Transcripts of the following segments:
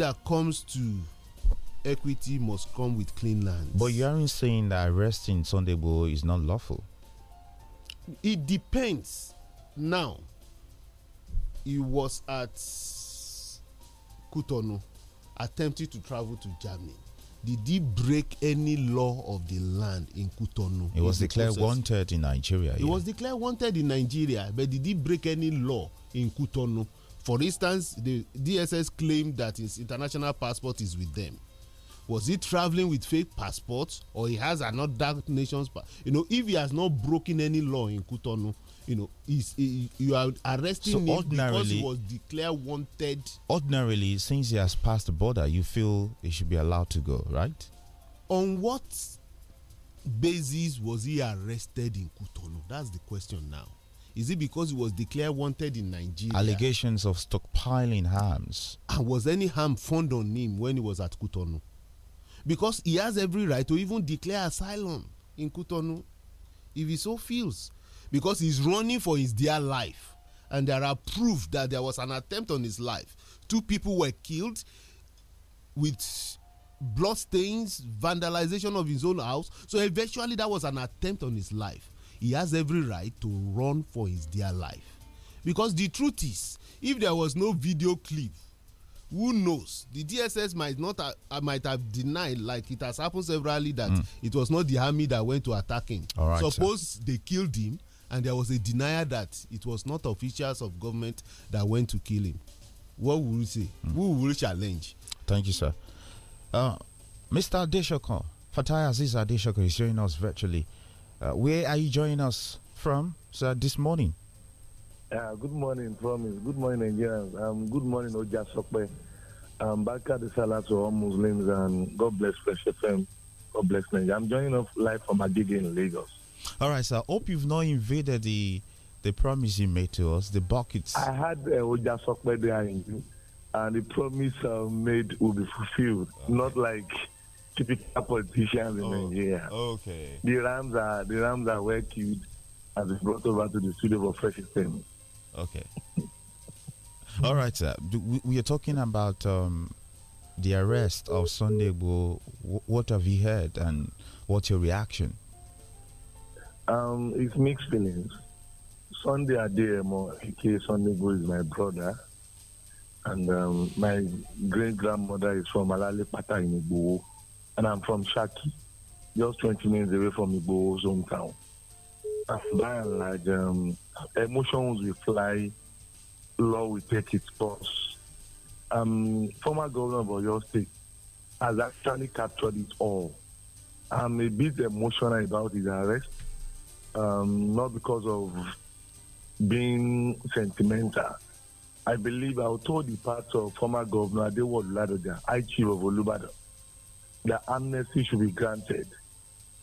that comes to equity must come with clean lands. But you aren't saying that arresting Sunday Igboho is not lawful. It depends. Now, he was at Kutonu attempting to travel to Germany. Did he break any law of the land in Kutonu? He was declared process? wanted in Nigeria. He yeah. was declared wanted in Nigeria, but did he break any law in Kutonu? For instance, the DSS claimed that his international passport is with them. Was he traveling with fake passports or he has another nation's passport? You know, if he has not broken any law in Kutonu, you know, he's, he, you are arresting so him because he was declared wanted. Ordinarily, since he has passed the border, you feel he should be allowed to go, right? On what basis was he arrested in Kutonu? That's the question now. Is it because he was declared wanted in Nigeria? Allegations of stockpiling harms. And was any harm found on him when he was at Kutonu? Because he has every right to even declare asylum in Kutonu if he so feels. Because he's running for his dear life. And there are proof that there was an attempt on his life. Two people were killed with bloodstains, vandalization of his own house. So eventually, that was an attempt on his life he has every right to run for his dear life. Because the truth is, if there was no video clip, who knows? The DSS might not uh, might have denied, like it has happened severally, that mm. it was not the army that went to attack him. Suppose sir. they killed him, and there was a denial that it was not officials of government that went to kill him. What will we say? Mm. Who will challenge? Thank you, sir. Uh, Mr. Deshoko, Fataya Aziz Adeshoko is joining us virtually. Uh, where are you joining us from, sir, this morning? Uh, good morning, Promise. Good morning, Nigerians. Um, good morning, Oja Sokpe. am um, back at the Salah to all Muslims, and God bless Fresh FM. God bless Nigeria. I'm joining us live from Agege in Lagos. All right, sir. Hope you've not invaded the the promise you made to us, the buckets. I had uh, Oja Sokpe there, and the promise uh, made will be fulfilled. Okay. Not like typical politicians in oh, Nigeria. Okay. The rams are the rams are well queued and is brought over to the studio for fresh system. Okay. All right, sir. We, are talking about um, the arrest of Sunday Bo. What have you heard and what's your reaction? Um, it's mixed feelings. Sunday Ademo, aka Sunday Bo, is my brother and um, my great grandmother is from Alale Pata in Igbo and I'm from Shaki, just 20 minutes away from Igbo's hometown. And by and large, um, emotions will fly, law will take its course. Um, former governor of Oyo State has actually captured it all. I'm a bit emotional about his arrest, um, not because of being sentimental. I believe I was told the part of former governor Adewodu Ladoja, I chief of Olubadan, that amnesty should be granted.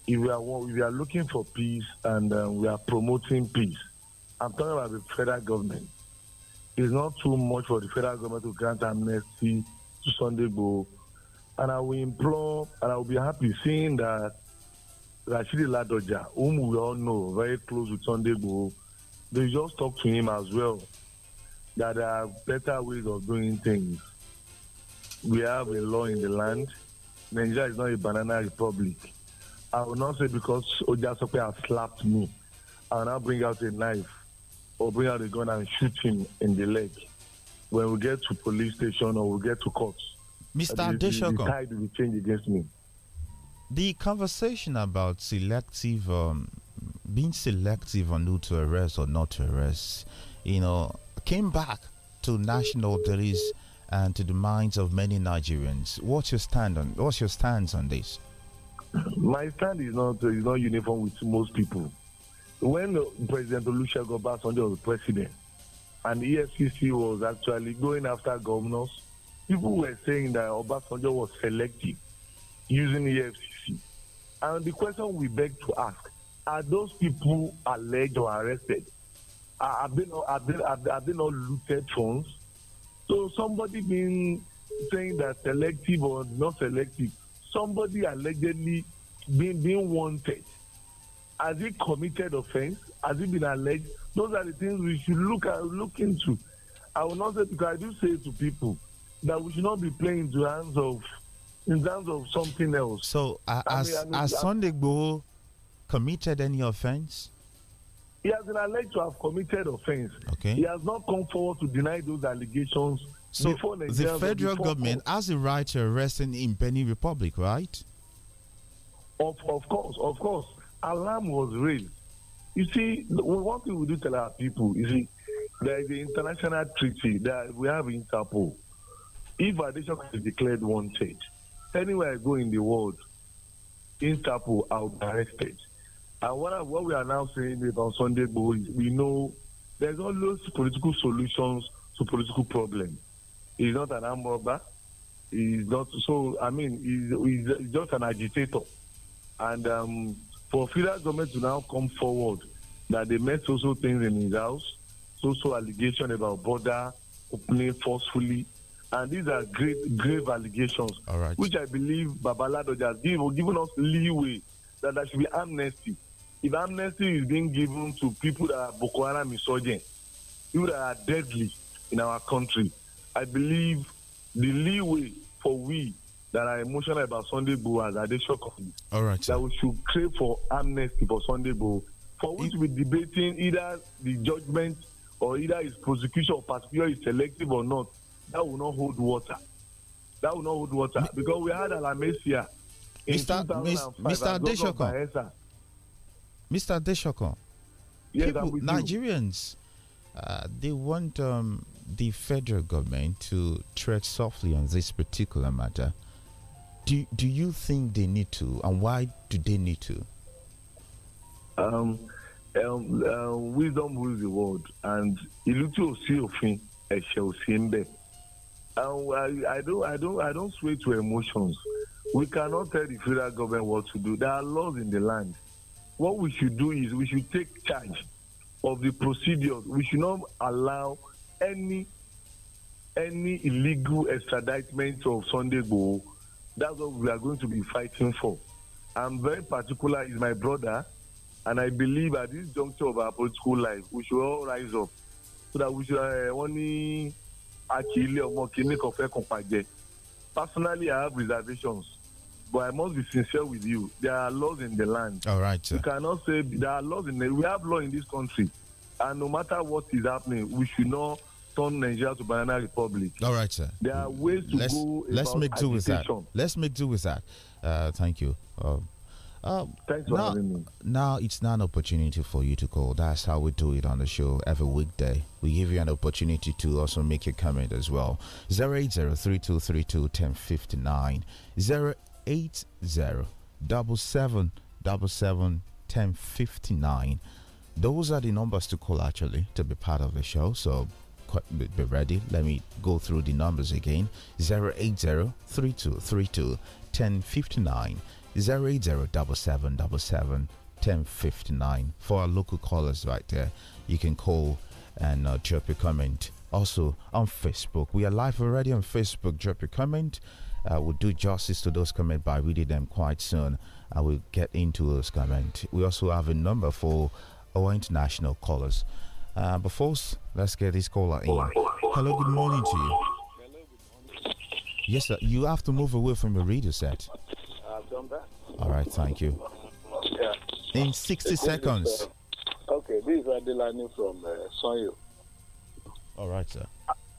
If we are, if we are looking for peace and uh, we are promoting peace, I'm talking about the federal government. It's not too much for the federal government to grant amnesty to Sunday Bo. And I will implore, and I will be happy seeing that Rashidi Ladoja, whom we all know, very close with Sunday Bo, they just talk to him as well that there are better ways of doing things. We have a law in the land Nigeria is not a banana republic. I will not say because Ojasope has slapped me. I will bring out a knife or bring out a gun and shoot him in the leg. When we get to police station or we get to court, Mr. Deshogo, uh, the tide will change against me. The conversation about selective, um, being selective on who to arrest or not to arrest, you know, came back to national. There is and to the minds of many Nigerians. What's your stand on? What's your stance on this? My stand is not is not uniform with most people. When President Olusegun Obasanjo was president, and EFCC was actually going after governors, people were saying that Obasanjo was selective using EFCC. And the question we beg to ask: Are those people alleged or arrested? Are, are they not, are they, are, they not looted funds? So somebody being saying that selective or not selective, somebody allegedly being being wanted. Has he committed offense? Has he been alleged? Those are the things we should look at look into. I will not say because I do say to people that we should not be playing into hands of in terms of something else. So uh, I mean, as I mean, as Sunday committed any offense? He has been alleged to have committed offense. Okay. He has not come forward to deny those allegations. So the federal government has the right to arrest him in Penny Republic, right? Of of course, of course. Alarm was raised. You see, one thing we do tell our people, you see, there is the international treaty that we have in Interpol. If addition is declared wanted, anywhere I go in the world, Interpol, I'll be arrested. And what, what we are now saying about Sunday Bowl we know there's always political solutions to political problems. He's not an arm He's not, so, I mean, he's, he's just an agitator. And um, for federal government to now come forward that they met social things in his house, social allegation about border opening forcefully, and these are great, grave allegations, which I believe Babaladoja has given, given us leeway that there should be amnesty if amnesty is being given to people that are Boko Haram insurgents, people that are deadly in our country, I believe the leeway for we that are emotional about Sunday Bo as Adesha All right, that we should crave for amnesty for Sunday Bo, for which we're debating either the judgment or either his prosecution or particular is selective or not, that will not hold water. That will not hold water because we had Alamesia. Mr. Mr. Mr. Adeshoko, Mr. Deshoko, yes, people, Nigerians, uh, they want um, the federal government to tread softly on this particular matter. Do, do you think they need to, and why do they need to? Um, um, uh, wisdom rules the world, and ìlú tí òfin I don't, I don't, I don't sway to emotions. We cannot tell the federal government what to do. There are laws in the land what we should do is we should take charge of the procedures. We should not allow any any illegal extraditement of Sunday Go. That's what we are going to be fighting for. I'm very particular is my brother, and I believe at this juncture of our political life, we should all rise up so that we should uh, only actually Personally, I have reservations but I must be sincere with you. There are laws in the land. All right. Sir. You cannot say there are laws in the we have law in this country. And no matter what is happening, we should not turn Nigeria to banana republic. All right, sir. There are ways to let's, go. Let's make do with that. Let's make do with that. Uh, thank you. Um, uh, Thanks for now, having me. Now it's not an opportunity for you to call. That's how we do it on the show every weekday. We give you an opportunity to also make a comment as well. 08032321059. 080 Eight zero double seven double seven ten fifty nine. Those are the numbers to call actually to be part of the show. So be ready. Let me go through the numbers again 080 3232 1059 1059 for our local callers right there. You can call and uh, drop your comment. Also on Facebook, we are live already on Facebook. Drop your comment uh, will do justice to those comments by reading them quite soon. I will get into those comments. We also have a number for our international callers. Uh, but first, let's get this caller in. Hello, good morning to you. Yes, sir. You have to move away from your radio set. I've done that. All right, thank you. Yeah. In 60 seconds. Is, uh, okay, this is Adelani from uh, Sonyo. All right, sir.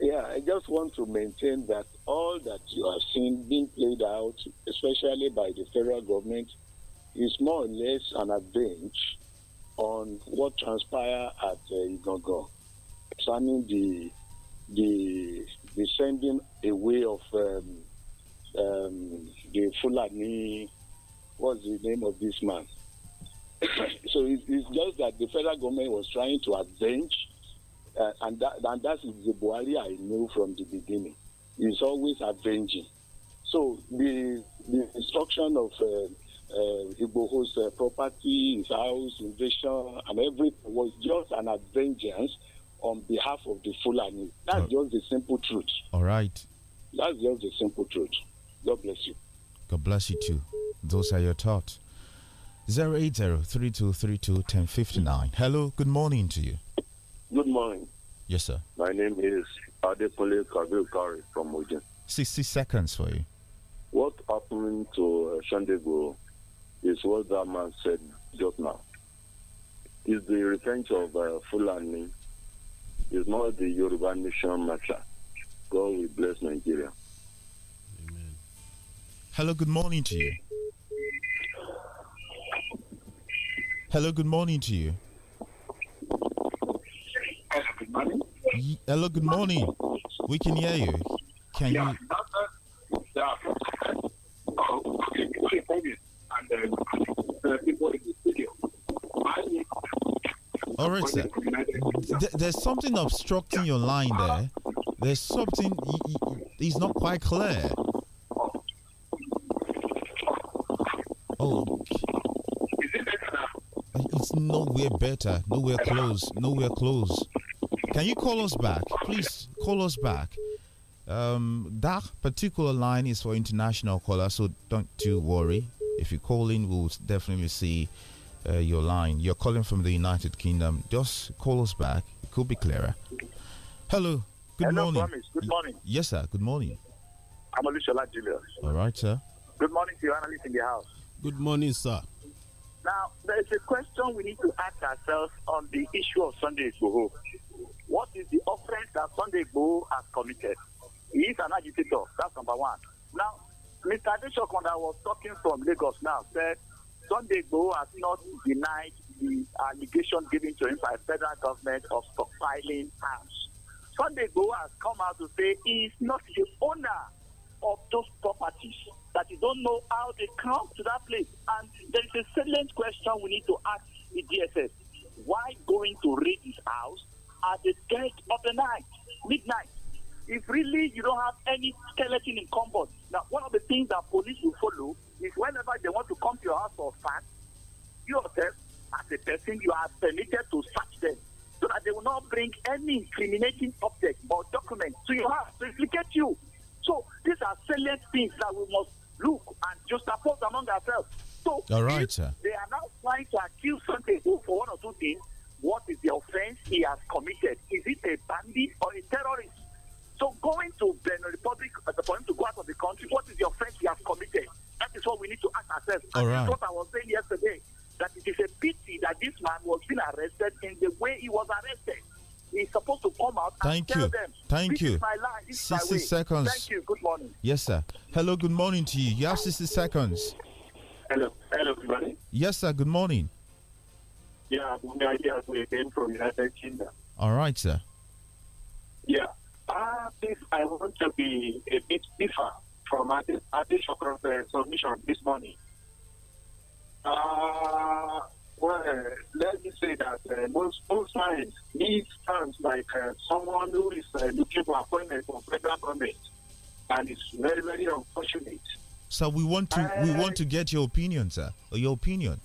Yeah, I just want to maintain that all that you are seeing being played out, especially by the federal government, is more or less an advantage on what transpired at uh, Igongo concerning the the the sending away of um, um, the Fulani. What's the name of this man? so it, it's just that the federal government was trying to advance uh, and, that, and that's the Buhari I knew from the beginning. He's always avenging. So the, the destruction of uh, uh, Igboho's uh, property, his house, invasion, and everything was just an vengeance on behalf of the Fulani. That's just the simple truth. All right. That's just the simple truth. God bless you. God bless you too. Those are your thoughts. 080 3232 1059. Hello, good morning to you. Good morning. Yes, sir. My name is Adekunle Kabil Kari from Ojin. 60 seconds for you. What happened to uh, Shandego is what that man said just now. It's the revenge of uh, Fulani. It's not the Yoruba nation matter. God will bless Nigeria. Amen. Hello, good morning to you. Hello, good morning to you. Hello, good morning. We can hear you. Can yeah, you? yeah. Oh, and, all right, sir. there's something obstructing your line there. There's something. It's not quite clear. Oh. It's nowhere better. Nowhere close. Nowhere close. Can you call us back? Please call us back. Um, that particular line is for international callers, so don't too worry. If you call in, we'll definitely see uh, your line. You're calling from the United Kingdom. Just call us back. It could be clearer. Hello. Good Hello, morning. Promise. Good morning. yes, sir. Good morning. I'm Alicia Julius. All right, sir. Good morning to your analyst in the house. Good morning, sir. Now, there is a question we need to ask ourselves on the issue of Sunday's Igboho. What is the offense that Sunday Go has committed? He is an agitator. That's number one. Now, Mr. I was talking from Lagos now, said Sunday Go has not denied the allegation given to him by federal government of stockpiling arms. Sunday Go has come out to say he is not the owner of those properties, that you don't know how they come to that place. And there is a silent question we need to ask the DSS. Why going to raid his house at the dead of the night, midnight. If really you don't have any skeleton in combat, now one of the things that police will follow is whenever they want to come to your house or are yourself as a person, you are permitted to search them so that they will not bring any incriminating object or document to your house to implicate you. So these are salient things that we must look and just oppose among ourselves. So All right, sir. they are now trying to accuse something for one or two things, what is the offense he has committed? Is it a bandit or a terrorist? So going to the Republic uh, for him to go out of the country, what is the offense he has committed? That is what we need to ask ourselves. All and right. That's what I was saying yesterday. That it is a pity that this man was being arrested in the way he was arrested. He's supposed to come out Thank you. Them, Thank you. 60 seconds. Thank you. Good morning. Yes, sir. Hello, good morning to you. You have 60 seconds. Hello. Hello, everybody. Yes, sir. Good morning. Yeah, bună we again from United Kingdom. All right, sir. Yeah. Uh, this, I want to be a bit different from Adi Shokon's uh, submission this morning. Uh, well, let me say that uh, most, most times he sounds like uh, someone who is uh, looking for appointment for federal government, and it's very, very unfortunate. So we want to we want uh, to get your opinion, sir. Your opinion.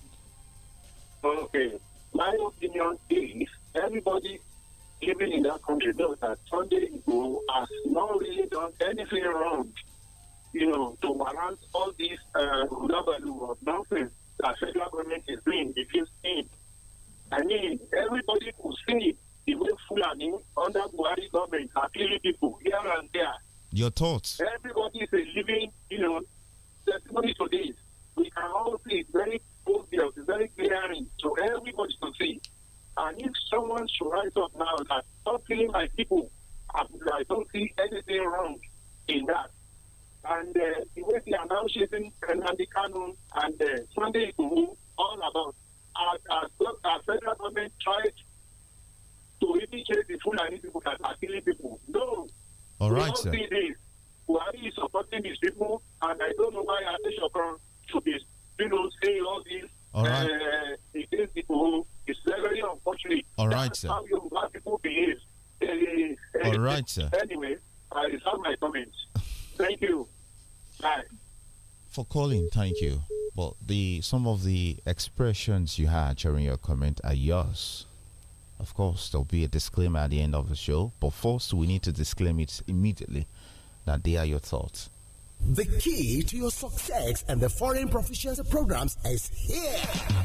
Okay. My opinion is everybody living in that country knows that Sunday Igbo has not really done anything wrong, you know, to warrant all this uh, of nonsense that federal government is doing you him. I mean, everybody could see the way Fulani under Buhari government are killing people here and there. Your thoughts? Everybody is living, you know, testimony to this. We can all see very put bills is very glaring to everybody to see. And if someone should rise up now that stop killing my people, right, sir. Anyway, I uh, it's my comments. Thank you. Bye. For calling, thank you. But the some of the expressions you had during your comment are yours. Of course, there'll be a disclaimer at the end of the show, but first we need to disclaim it immediately that they are your thoughts. The key to your success and the foreign proficiency programs is here.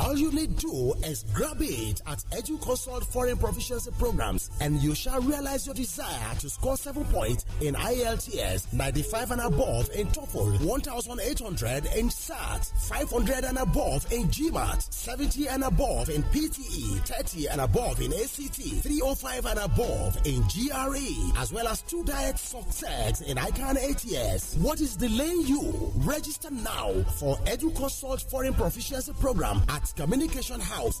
All you need do is grab it at Consult Foreign Proficiency Programs and you shall realize your desire to score 7 points in IELTS, 95 and above in TOEFL, 1800 in SAT, 500 and above in GMAT. 70 and above in PTE, 30 and above in ACT, 305 and above in GRE, as well as two direct success in ICANN ATS. What is delaying you? Register now for EduConsult Foreign Proficiency Program at Communication House,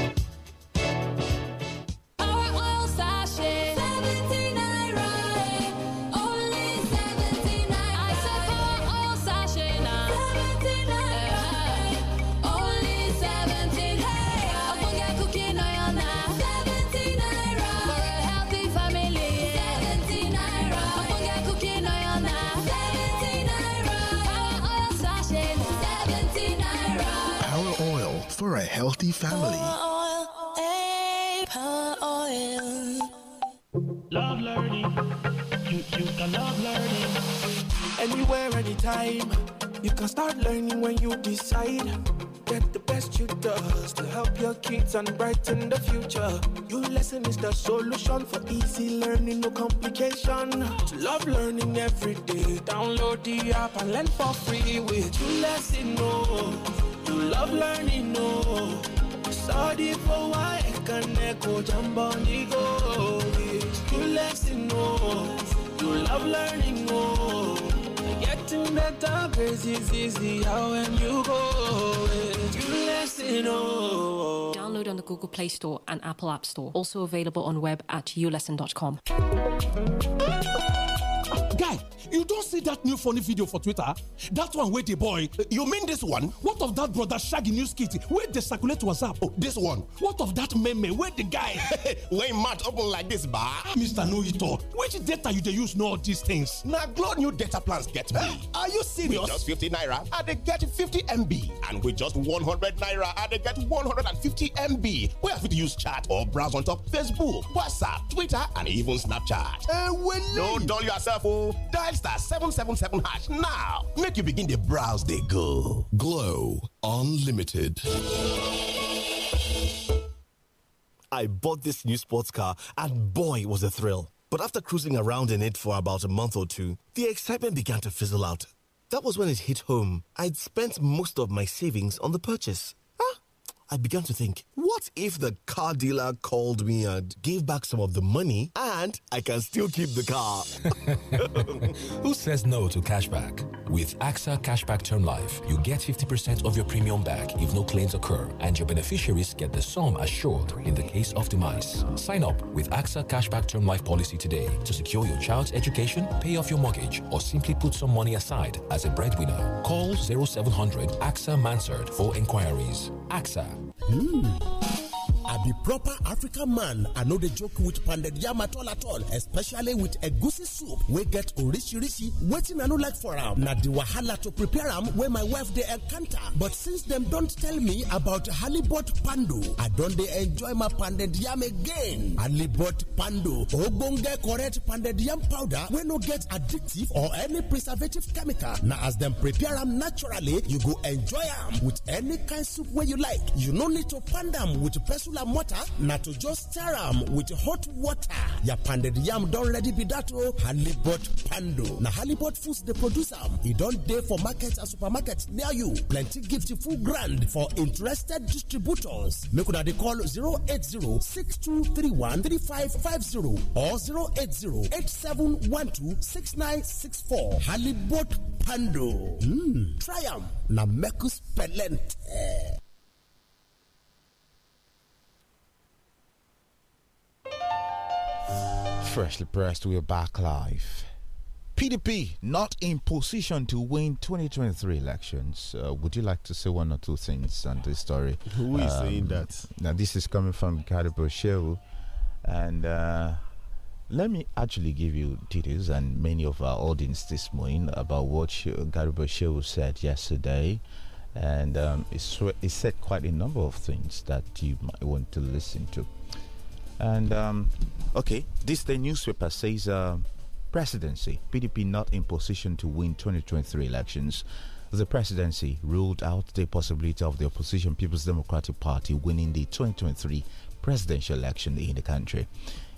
healthy family. Love learning. You, you can love learning. Anywhere, anytime. You can start learning when you decide. Get the best you does to help your kids and brighten the future. Your lesson is the solution for easy learning, no complication. To love learning every day. Download the app and learn for free with your lesson. Oh to love learning, no. Sorry for why I can echo jump on the lesson, no. You love learning, no. Getting better, grace is easy. How when you go, Download on the Google Play Store and Apple App Store. Also available on web at ulesson.com don see that new funny video for twitter? that one wey the boy you mean this one? what of that brother shaggy news skit? wey dey circulate whatsapp? oh this one what of that meme wey the guy wey im mouth open like this ba? mr noito which data you dey use know all these things? na glow new data plans get me. are you serious? with just 50 naira i dey get 50mb and with just 100 naira i dey get 150mb wey i fit use chat or browse on top facebook whatsapp twitter and even snapchat. no dull yourself o oh. dial star 777 hash now make you begin to browse they go. Glow Unlimited. I bought this new sports car and boy was a thrill. But after cruising around in it for about a month or two, the excitement began to fizzle out. That was when it hit home. I'd spent most of my savings on the purchase. I began to think, what if the car dealer called me and gave back some of the money and I can still keep the car? Who says no to cashback? With AXA Cashback Term Life, you get 50% of your premium back if no claims occur, and your beneficiaries get the sum assured in the case of demise. Sign up with AXA Cashback Term Life policy today to secure your child's education, pay off your mortgage, or simply put some money aside as a breadwinner. Call 0700 AXA Mansard for inquiries. AXA 嗯。i be proper african man i know the joke with pounded yam at all at all especially with egusi soup We get orishirishi waiting. i no like for am na di wahala to prepare am wey my wife dey encounter but since them don't tell me about halibut pandu, i don't dey enjoy my pounded yam again halibut pando ogbonge correct pounded yam powder We no get addictive or any preservative chemical Now as them prepare am naturally you go enjoy am with any kind soup where you like you no need to pound am with person spatula mortar na to just stir am with hot water. Ya pounded yam don ready be dat o. Oh. Halibut pando na Halibut Foods dey produce am. do don dey for market and supermarket near you. Plenty gift full grand for interested distributors. Make una dey call 08062313550 or 08087126964. Halibut pando. Mm. Try am na Mekus Pelente. Freshly pressed, we're back live. PDP not in position to win 2023 elections. Uh, would you like to say one or two things on this story? Who is um, saying that? Now, this is coming from Karibo Shehu. And uh, let me actually give you details and many of our audience this morning about what she, Garibo said yesterday. And um, he said quite a number of things that you might want to listen to. And um, okay, this the newspaper says uh, presidency PDP not in position to win 2023 elections. The presidency ruled out the possibility of the opposition People's Democratic Party winning the 2023 presidential election in the country.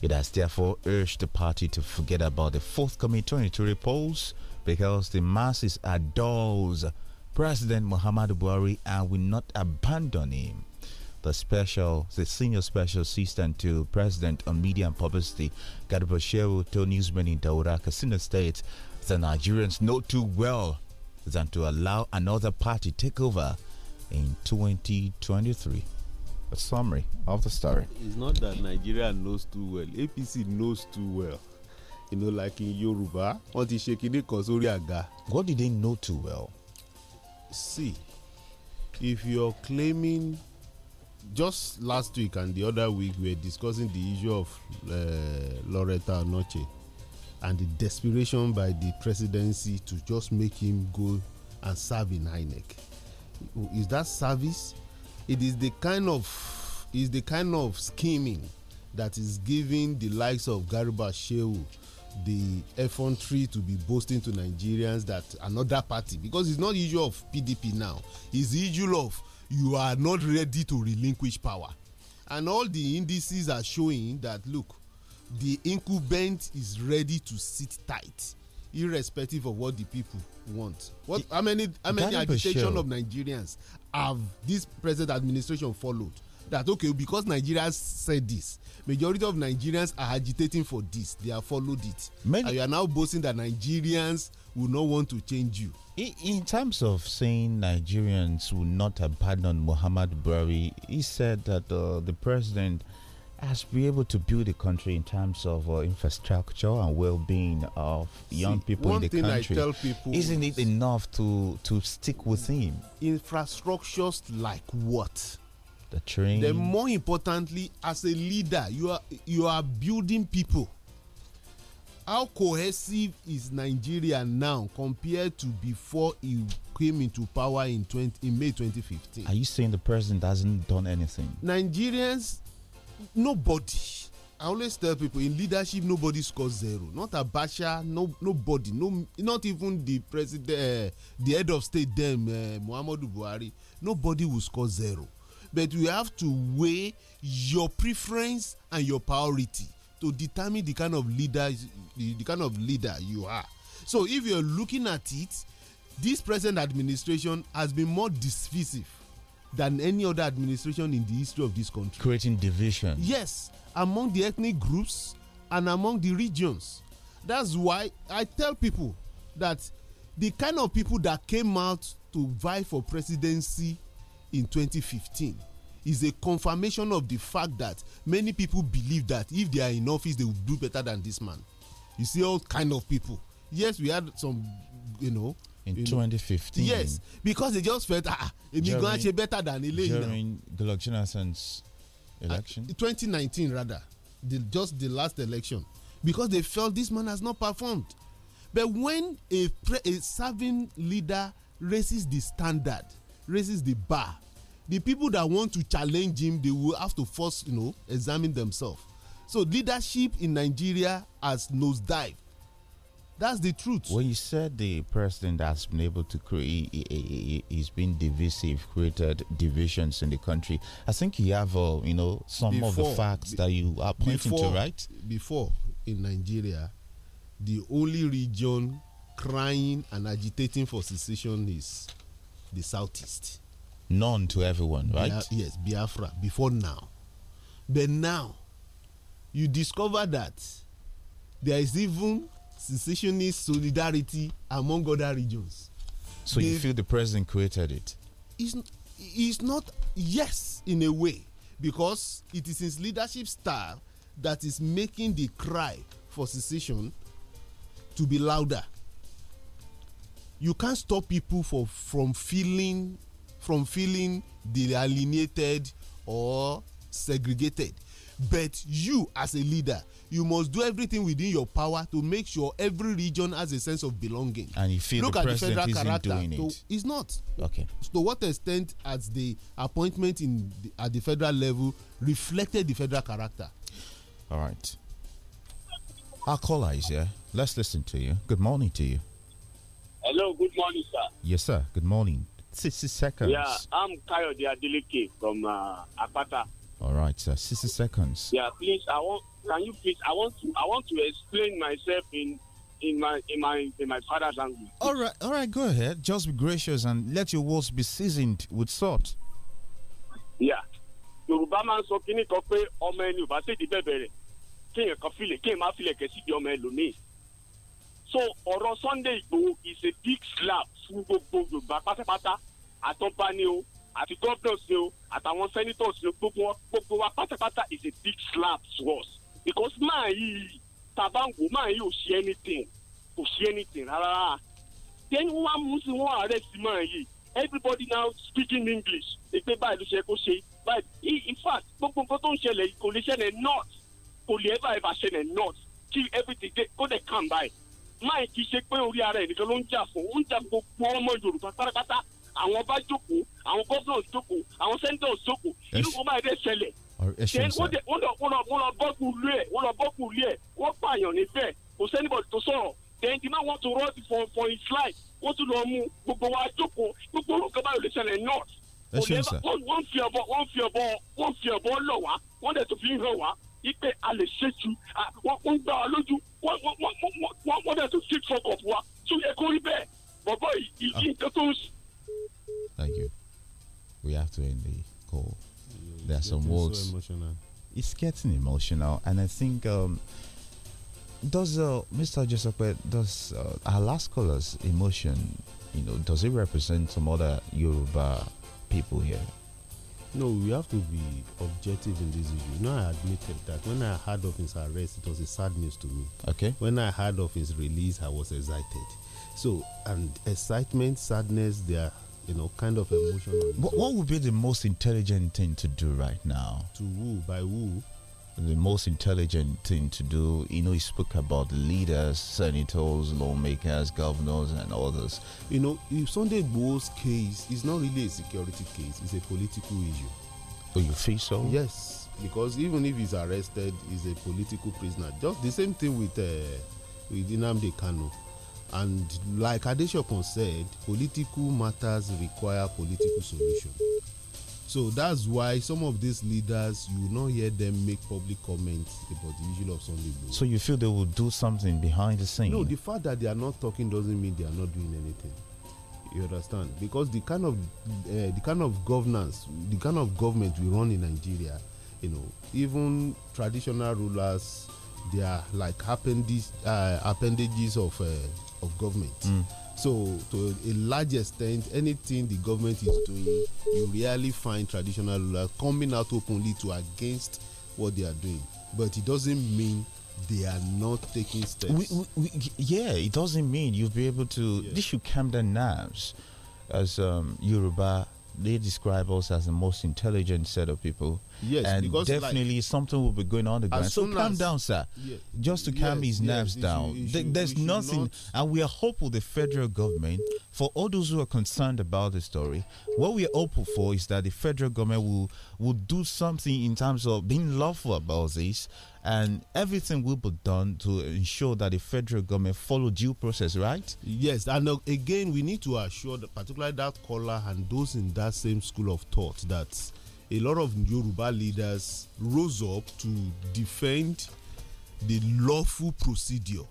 It has therefore urged the party to forget about the forthcoming 2023 polls because the masses dolls. President Muhammadu Buhari and will not abandon him the special, the senior special assistant to President on Media and Publicity, Gadabasheru, told newsmen in Daura, Kasina State, the Nigerians know too well than to allow another party take over in 2023. A summary of the story. It's not that Nigeria knows too well. APC knows too well. You know, like in Yoruba, what is shaking it cause Oriaga. What did they know too well? See, if you're claiming just last week and the other week we were discussing the issue of uh, Loretta Noche and the desperation by the presidency to just make him go and serve in INEC. Is that service? It is the kind of is the kind of scheming that is giving the likes of Garba Shehu the effrontery to be boasting to Nigerians that another party because it's not the issue of PDP now it's the issue of you are not ready to relinquish power and all the indices are showing that look the incumbent is ready to sit tight irrespective of what the people want what how many how many agitation of nigerians have this present administration followed that okay because nigerians said this majority of nigerians are agitating for this they have followed it many, and you are now boasting that nigerians will not want to change you. In, in terms of saying Nigerians will not abandon Muhammad Buhari, he said that uh, the president has been able to build the country in terms of uh, infrastructure and well-being of See, young people in the country. isn't it enough to to stick with him? Infrastructures like what? The train. Then more importantly, as a leader, you are you are building people how cohesive is Nigeria now compared to before he came into power in 20 in May 2015? Are you saying the president hasn't done anything? Nigerians, nobody. I always tell people in leadership nobody scores zero. Not Abacha, no nobody, no not even the president, uh, the head of state them, uh, eh, Muhammadu Buhari. Nobody will score zero, but we have to weigh your preference and your priority to determine the kind of leader the kind of leader you are so if you're looking at it this present administration has been more divisive than any other administration in the history of this country. creating division. yes among the ethnic groups and among the regions that's why i tell people that the kind of people that came out to vie for presidency in 2015 is a confirmation of the fact that many people believe that if they are in office they will do better than this man you see all kind of people yes we had some you know in twenty fifteen yes because they just felt ah èmi gan ṣe better than eléyìí now during goodluck election uh, twenty nineteen rather the, just the last election because they felt this man has not performed but when a, a serving leader raises the standard raises the bar the people that want to challenge him they will have to first you know examine themselves so leadership in nigeria has nosedive. that's the truth. When you said the president has been able to create, he's been divisive, created divisions in the country. I think you have, uh, you know, some before, of the facts that you are pointing before, to, right? Before in Nigeria, the only region crying and agitating for secession is the southeast. Known to everyone, right? Bia yes, Biafra before now. But now, you discover that there is even secessionist solidarity among other regions. So you feel the president created it? Is it's not yes in a way because it is his leadership style that is making the cry for secession to be louder. You can't stop people for, from feeling from feeling alienated or segregated but you as a leader you must do everything within your power to make sure every region has a sense of belonging and you feel look the at president the federal isn't character doing it. So it's not okay to so what extent has the appointment in the, at the federal level reflected the federal character all right our caller is here let's listen to you good morning to you hello good morning sir yes sir good morning 60 seconds. Yeah, I'm Kayode Adeleke from uh, Apata. All right, sir. 60 seconds. Yeah, please. I want. Can you please? I want to. I want to explain myself in in my in my in my father's language. All right, all right. Go ahead. Just be gracious and let your words be seasoned with salt. Yeah. Yorùbá máa ń sọ kínní kan pé ọmọ ẹni ò bá ṣèdí bẹ̀bẹ̀ rẹ̀ kéèyàn kan file kéèyàn má file kẹ̀sí di ọmọ ẹlòmíì. so ọ̀rọ̀ Sunday Igboho is a big slap fún gbogbo Yorùbá pátápátá àtọ́ba ni o àti governors ni o àtàwọn senators ni o gbogbo wọn gbogbo wa pátápátá is a big slap to us because máa yí tabango máa yí ò ṣe anything kò ṣe anything rárá then wọ́n wá mú sí wọ́n arrest máa yí everybody now speaking English èpè báyìí ló ṣe kó ṣe báyìí in fact gbogbo nǹkan tó ń ṣẹlẹ̀ kò lè ṣẹlẹ̀ north kò lè ever ever ṣẹlẹ̀ north kí everything dey kó dẹ̀ calm báyìí máì kì í ṣe pé orí ara ẹ̀ nìkan ló ń jà fún ó ń jà gbogbo ọmọ Yorùbá pátápátá àwọn ọba jókòó àwọn gómìnà jókòó àwọn sẹ́ńtọ̀ jókòó inú kan máa dẹ̀ ṣẹlẹ̀ wọ́n lọ bọ́ọ̀kù lé ẹ̀ wọ́n lọ bọ́ọ̀kù lé ẹ̀ wọ́n pààyàn níbẹ̀ kò sẹ́nibọ̀dì tó sọ̀rọ̀ then the man want to run for for his life wọ́n tún lọ mú gbogbo wa jókòó gbogbo orúkọ báyọ̀ lè ṣẹlẹ̀ north wọ́n fi ọ̀bọ wọ́n fi ọ̀bọ wọ́n fi ọ̀bọ lọ̀ wá wọ́n dẹ̀ tó fi ń hàn wá ipe a lè ṣe jù wọ́n gbá lójú wọ́n dẹ̀ tó wa tún yẹ kó rí bẹ́ẹ̀ bọ̀bọ̀ yìí nǹkan tó ń. Thank you. We have to end the call. There are some words. So It's getting emotional, and I think. Um, does uh, Mr. Joseph, does uh, our last caller's emotion, you know, does it represent some other Yoruba people here? No, we have to be objective in this issue. You know, I admitted that when I heard of his arrest, it was a sad news to me. Okay. When I heard of his release, I was excited. So, and excitement, sadness, they are, you know, kind of emotional. What, what would be the most intelligent thing to do right now? To woo, by woo the most intelligent thing to do. You know, he spoke about leaders, senators, lawmakers, governors, and others. You know, if Sunday Igbo's case is not really a security case, it's a political issue. Oh, you think so? Yes, because even if he's arrested, he's a political prisoner. Just the same thing with uh, with Inamde Kano. And like Adesyokun said, political matters require political solution. So that's why some of these leaders, you not hear them make public comments about the issue of Sunday So you feel they will do something behind the scenes? No, the fact that they are not talking doesn't mean they are not doing anything. You understand? Because the kind of uh, the kind of governance, the kind of government we run in Nigeria, you know, even traditional rulers, they are like appendages, uh, appendages of uh, of government. Mm so, to a large extent, anything the government is doing, you rarely find traditional rulers coming out openly to against what they are doing. But it doesn't mean they are not taking steps. We, we, we, yeah, it doesn't mean you'll be able to. This should calm their nerves, as um, Yoruba they describe us as the most intelligent set of people. Yes, and definitely like, something will be going on the ground. So calm as, down, sir. Yeah, just to yes, calm his yes, nerves down. Should, There's nothing, not. and we are hopeful the federal government, for all those who are concerned about the story, what we are hopeful for is that the federal government will will do something in terms of being lawful about this and everything will be done to ensure that the federal government follow due process, right? Yes, and uh, again, we need to assure, that particularly that caller and those in that same school of thought, that a lot of Yoruba leaders rose up to defend the lawful procedure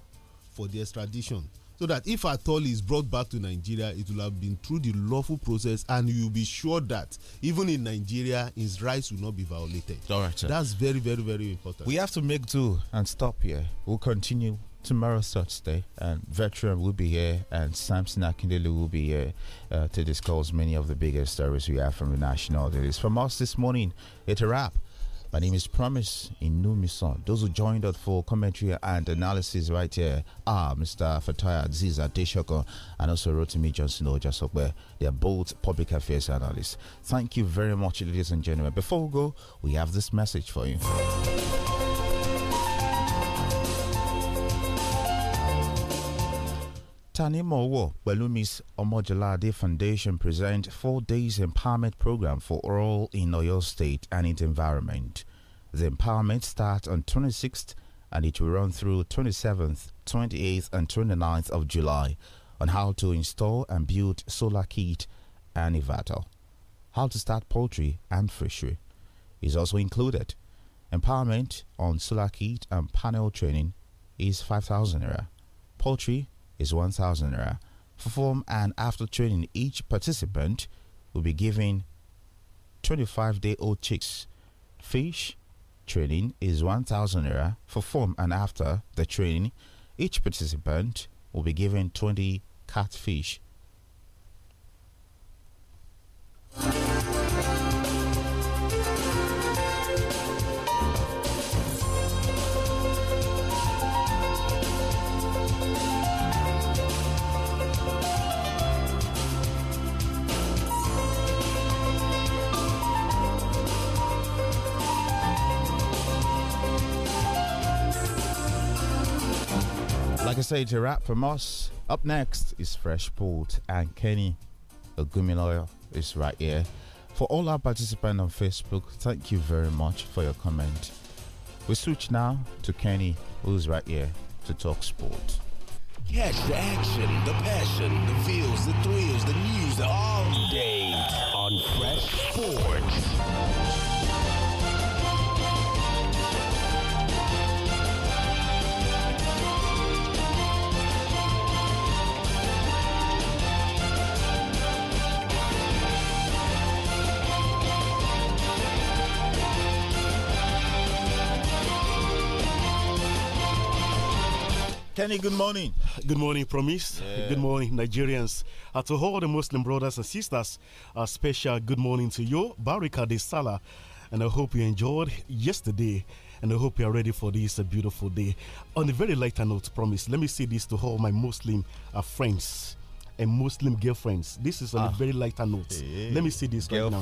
for the extradition so that if at all he's brought back to Nigeria, it will have been through the lawful process, and you'll be sure that even in Nigeria, his rights will not be violated. All right, sir. That's very, very, very important. We have to make do and stop here. We'll continue tomorrow Saturday, and Veteran will be here, and Samson Akindele will be here uh, to discuss many of the biggest stories we have from the national It is From us this morning, it's a wrap. My name is Promise Inumison. Those who joined us for commentary and analysis right here are Mr. Fataya Ziza Deshoko and also Rotimi Johnson Ojasokwe. They are both public affairs analysts. Thank you very much, ladies and gentlemen. Before we go, we have this message for you. Tanimowo Belumi's Omojalade Foundation presents four days empowerment program for all in Oyo State and its environment. The empowerment starts on 26th and it will run through 27th, 28th and 29th of July on how to install and build solar kit and inverter, how to start poultry and fishery is also included. Empowerment on solar kit and panel training is 5,000 naira. Poultry is 1,000 naira. For form and after training, each participant will be given 25 day old chicks. Fish training is 1,000 naira. For form and after the training, each participant will be given 20 catfish. That's a wrap from us. Up next is Fresh Port and Kenny Ogumiloyo is right here. For all our participants on Facebook, thank you very much for your comment. We switch now to Kenny, who's right here to talk sport. Catch the action, the passion, the feels, the thrills, the news all day on Fresh Sports. Kenny, good morning. Good morning, Promise. Yeah. Good morning, Nigerians. Uh, to all the Muslim brothers and sisters, a special good morning to you, Barika de Salah. And I hope you enjoyed yesterday and I hope you are ready for this beautiful day. On a very lighter note, promise, let me say this to all my Muslim uh, friends and Muslim girlfriends. This is on ah. a very lighter note. Hey, let me say this right now.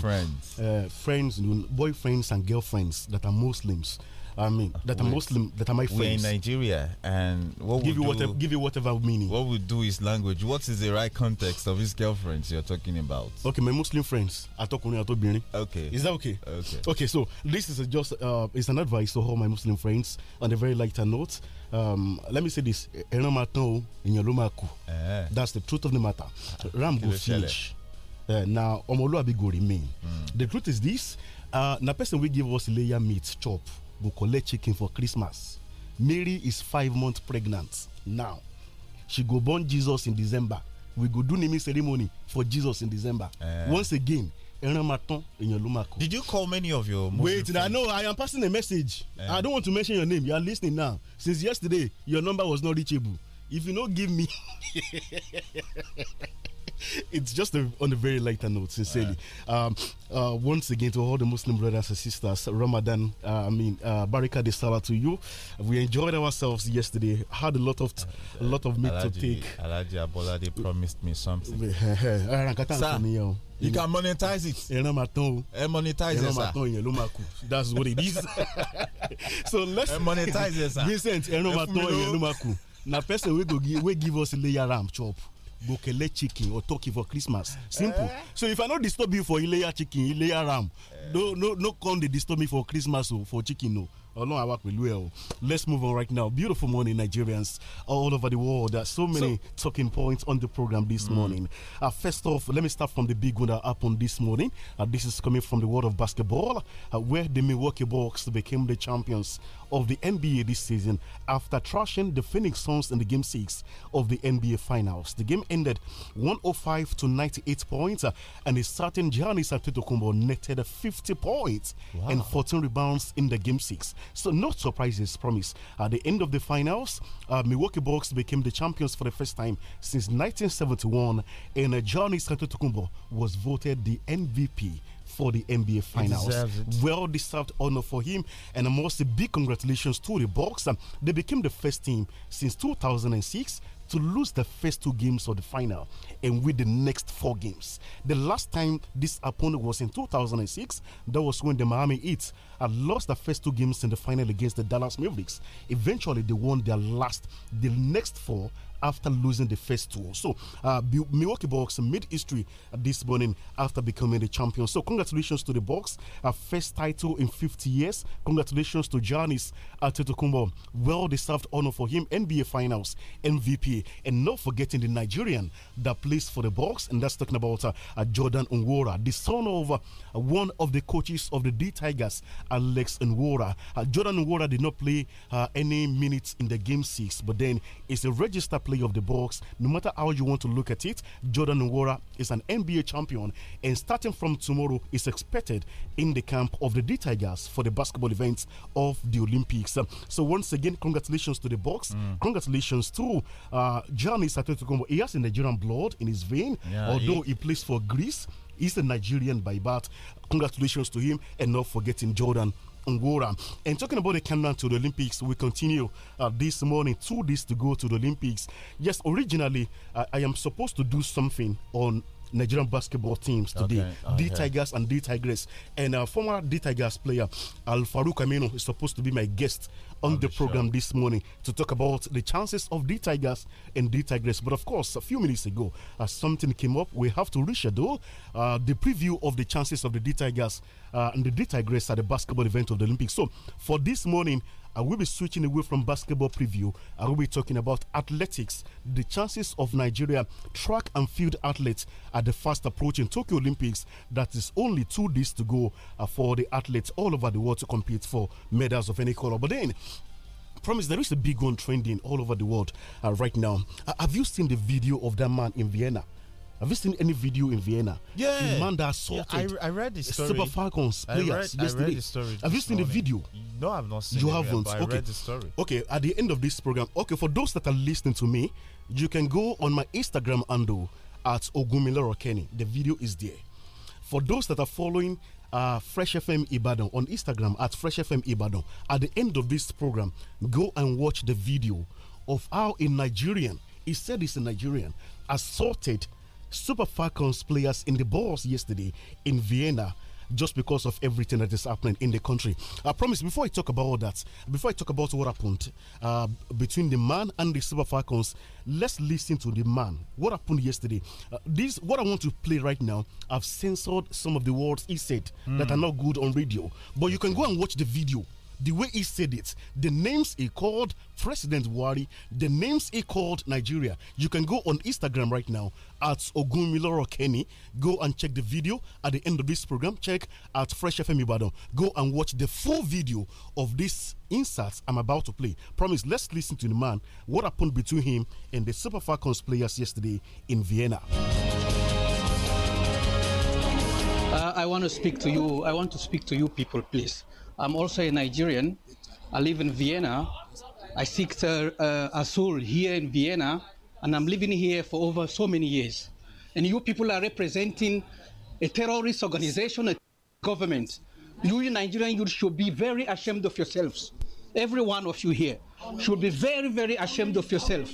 Uh, friends, boyfriends and girlfriends that are Muslims. I mean, that are Muslim, that are my friends. We're in Nigeria, and what give we you do, whatever, give you whatever meaning. What we do is language. What is the right context of his girlfriends you're talking about? Okay, my Muslim friends. I talk only Atobini. Okay, is that okay? Okay. Okay, so this is just uh, it's an advice to all my Muslim friends on a very lighter note. Um, let me say this: eh. That's the truth of the matter. Ah, Ram go finish. Uh, eh, now, Omoluabi go remain. Hmm. The truth is this: uh, na person we give us layer meat chop go collect chicken for Christmas. Mary is five months pregnant now. She go born Jesus in December. We go do naming ceremony for Jesus in December. Uh. Once again, did you call many of your Muslim Wait, I know I am passing a message. Eh. I don't want to mention your name. You are listening now. Since yesterday, your number was not reachable. If you don't give me it's just a, on a very lighter note, sincerely. Um, uh, once again, to all the Muslim brothers and sisters, Ramadan, uh, I mean, uh, Barika de Salah to you. We enjoyed ourselves yesterday, had a lot of a lot of meat Alaji, to take. Alaji Abola, they promised me something. Sir, oh. you can monetize it. ẹran máa monetize it, sá. that's what it is. so let's. monetize it, sá. Vincent ẹran máa tán yẹn ló máa kù na go give wey give us layer am chop. gbokele chicken or turkey for christmas simple eh? so if i no disturb you for ileya chicken ileya ram eh? no no no come dey disturb me for christmas o oh, for chicken o. No. Ọlọ́run àwa pẹ̀lú ẹ o. Let's move on right now. Beautiful morning, Nigerians all over the world. There are so many so, talking points on the program this mm. morning. Uh, first off, let me start from the big one that happened this morning. Uh, this is coming from the world of basketball, uh, where the Milwaukee Bucks became the champions of the NBA this season after trashing the Phoenix Suns in the game six of the NBA Finals. The game ended 105 to 98 points, uh, and a certain Giannis Antetokounmpo netted 50 points wow. and 14 rebounds in the game six. So, no surprises promise. At the end of the finals, uh, Milwaukee Bucks became the champions for the first time since 1971, and uh, Johnny Santotokumbo was voted the MVP for the NBA Finals. Well deserved honor for him, and I must big congratulations to the Bucks. Um, they became the first team since 2006 to lose the first two games of the final and win the next four games. The last time this happened was in 2006. That was when the Miami Heat had lost the first two games in the final against the Dallas Mavericks. Eventually, they won their last, the next four after losing the first two. So, uh, Milwaukee Bucks made history this morning after becoming the champion. So, congratulations to the Bucks, uh, first title in 50 years. Congratulations to Giannis Antetokounmpo, well deserved honor for him. NBA Finals MVP, and not forgetting the Nigerian that plays for the Bucks, and that's talking about uh, uh, Jordan Nwora, the son of uh, one of the coaches of the D Tigers, Alex Nwora. Uh, Jordan Nwora did not play uh, any minutes in the game six, but then is a registered play of the box, no matter how you want to look at it, Jordan Nwora is an NBA champion, and starting from tomorrow is expected in the camp of the D Tigers for the basketball events of the Olympics. So once again, congratulations to the box. Mm. Congratulations to uh, Giannis Antetokounmpo. He has Nigerian blood in his vein, yeah, although he, he plays for Greece. He's a Nigerian by birth. Congratulations to him, and not forgetting Jordan Ngora. And talking about the countdown to the Olympics, we continue uh, this morning. Two days to go to the Olympics. Yes, originally uh, I am supposed to do something on Nigerian basketball teams today. Okay, the Tigers and the Tigress. And uh, former the Tigers player Al Farouk Amino is supposed to be my guest on I'm the sure. program this morning to talk about the chances of the Tigers and the Tigress. But of course, a few minutes ago, uh, something came up. We have to reschedule uh, the preview of the chances of the D Tigers uh, and the D Tigress at the basketball event of the Olympics. So for this morning, I will be switching away from basketball preview. I will be talking about athletics. The chances of Nigeria track and field athletes at the fast approaching Tokyo Olympics. That is only two days to go uh, for the athletes all over the world to compete for medals of any color. But then, promise there is a big one trending all over the world uh, right now. Uh, have you seen the video of that man in Vienna? Have you seen any video in Vienna? Yeah. The man that assaulted. Yeah, I, I read the story. Super Falcons players I read, yesterday. I read the story have you seen morning. the video? No, I've not seen You haven't. Yet, okay. I read the story. Okay, at the end of this program, okay, for those that are listening to me, you can go on my Instagram handle at Ogumiloro Kenny. The video is there. For those that are following uh, Fresh FM Ibadan on Instagram at Fresh FM Ibadan, at the end of this program, go and watch the video of how a Nigerian, he said he's a Nigerian, assaulted Super Falcons players in the balls yesterday in Vienna just because of everything that is happening in the country. I promise, before I talk about all that, before I talk about what happened uh, between the man and the Super Falcons, let's listen to the man. What happened yesterday? Uh, this, what I want to play right now, I've censored some of the words he said mm. that are hmm. not good on radio, but you can go and watch the video the way he said it, the names he called President Wari, the names he called Nigeria. You can go on Instagram right now at Ogunmiloro Kenny. Go and check the video at the end of this program. Check at Fresh FM Ibadan. Go and watch the full video of this insert I'm about to play. Promise, let's listen to the man. What happened between him and the Super Falcons players yesterday in Vienna? Uh, I want to speak to you. I want to speak to you people, please. I'm also a Nigerian. I live in Vienna. I seek uh, uh asylum here in Vienna, and I'm living here for over so many years. And you people are representing a terrorist organization, a government. You Nigerian, you should be very ashamed of yourselves. Every one of you here should be very, very ashamed of yourself.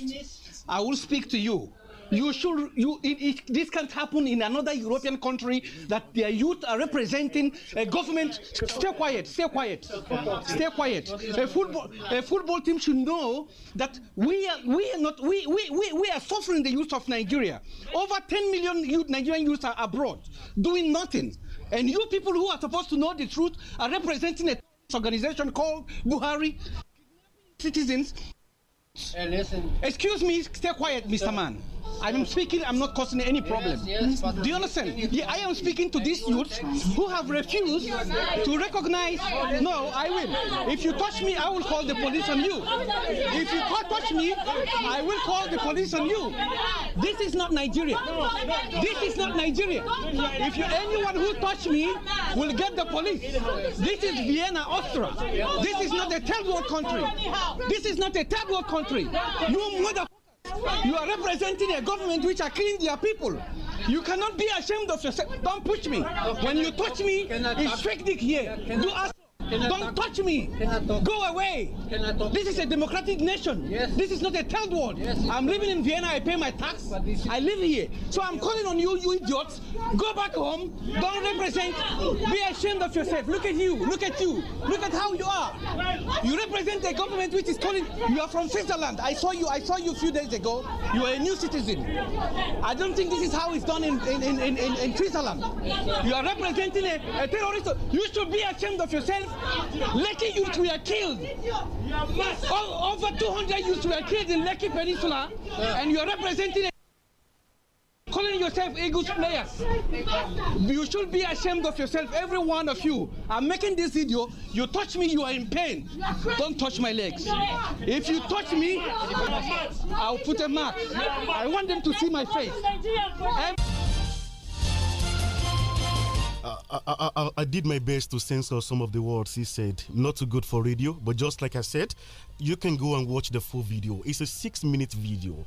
I will speak to you you should, you, it, it, this can't happen in another European country that their youth are representing a government. Stay quiet, stay quiet, stay quiet. A football, a football team should know that we are, we are not, we, we, we, we are suffering the youth of Nigeria. Over 10 million youth, Nigerian youth are abroad doing nothing. And you people who are supposed to know the truth are representing a organization called Buhari Citizens. Hey, Excuse me, stay quiet, Mr. Man. I'm speaking, I'm not causing any problem. Yes, yes, Do you understand? Yeah, I am speaking to these youths who have refused to recognize. No, I will. If you touch me, I will call the police on you. If you touch me, I will call the police on you. This is not Nigeria. This is not Nigeria. If you, anyone who touch me will get the police. This is Vienna, Austria. This is not a third world country. This is not a third world country. You mother. You are representing a government which are killing their people. You cannot be ashamed of yourself. Don't push me. When you touch me, it's strict here. You ask don't talk? touch me. Go away. This is a democratic nation. Yes. This is not a third world. Yes, I'm living in Vienna. I pay my tax. I live here. So I'm calling on you, you idiots. Go back home. Don't represent. Be ashamed of yourself. Look at you. Look at you. Look at how you are. You represent a government which is calling. You are from Switzerland. I saw you. I saw you a few days ago. You are a new citizen. I don't think this is how it's done in, in, in, in, in Switzerland. You are representing a, a terrorist. You should be ashamed of yourself. Lekki youth were killed. Over 200 youths were killed in Lekki Peninsula, yeah. and you're representing calling yourself Eagles players. You should be ashamed of yourself, every one of you. I'm making this video. You touch me, you are in pain. Don't touch my legs. If you touch me, I'll put a mark. I want them to see my face. I, I, I, did my best to censor some of the words he said. Not too good for radio, but just like I said, you can go and watch the full video. It's a six minute video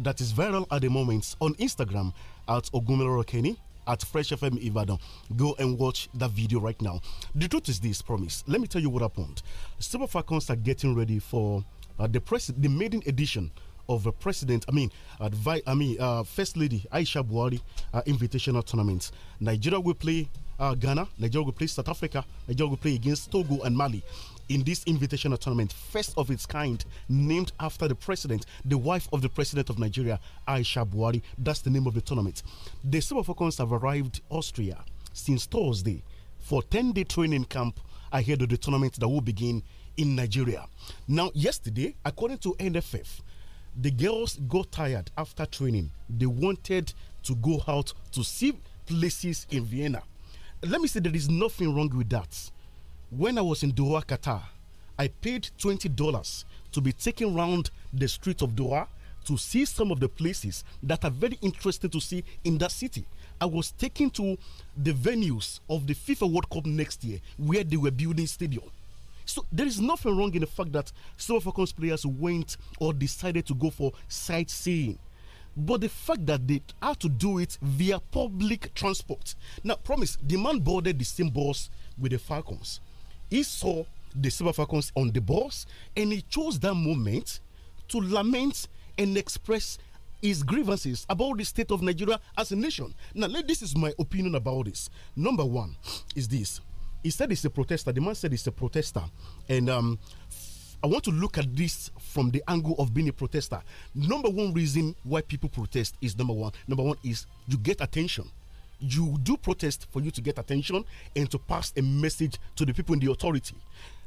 that is viral at the moment on Instagram at Ogumiloro Kenny at Fresh FM Ibadan. Go and watch that video right now. The truth is this, promise. Let me tell you what happened. Super Falcons are getting ready for uh, the, press, the maiden edition of a President, I mean, advi I mean, uh, First Lady Aisha Buhari uh, Invitational Tournament. Nigeria will play uh, Ghana, Nigeria will play South Africa, Nigeria will play against Togo and Mali in this invitational tournament, first of its kind, named after the president, the wife of the president of Nigeria, Aisha Buhari. That's the name of the tournament. The Super Falcons have arrived Austria since Thursday for 10-day training camp ahead of the tournament that will begin in Nigeria. Now, yesterday, according to NFF, the girls got tired after training. They wanted to go out to see places in Vienna. Let me say there is nothing wrong with that. When I was in Doha, Qatar, I paid $20 to be taken around the streets of Doha to see some of the places that are very interesting to see in that city. I was taken to the venues of the FIFA World Cup next year where they were building stadiums. So there is nothing wrong in the fact that some of Falcons players went or decided to go for sightseeing. But the fact that they had to do it via public transport. Now, promise, the man boarded the same bus with the Falcons. He saw the Silver Falcons on the bus and he chose that moment to lament and express his grievances about the state of Nigeria as a nation. Now, this is my opinion about this. Number one is this he said he's a protester. The man said he's a protester. And um, I want to look at this from the angle of being a protester. Number one reason why people protest is number one. Number one is you get attention. You do protest for you to get attention and to pass a message to the people in the authority.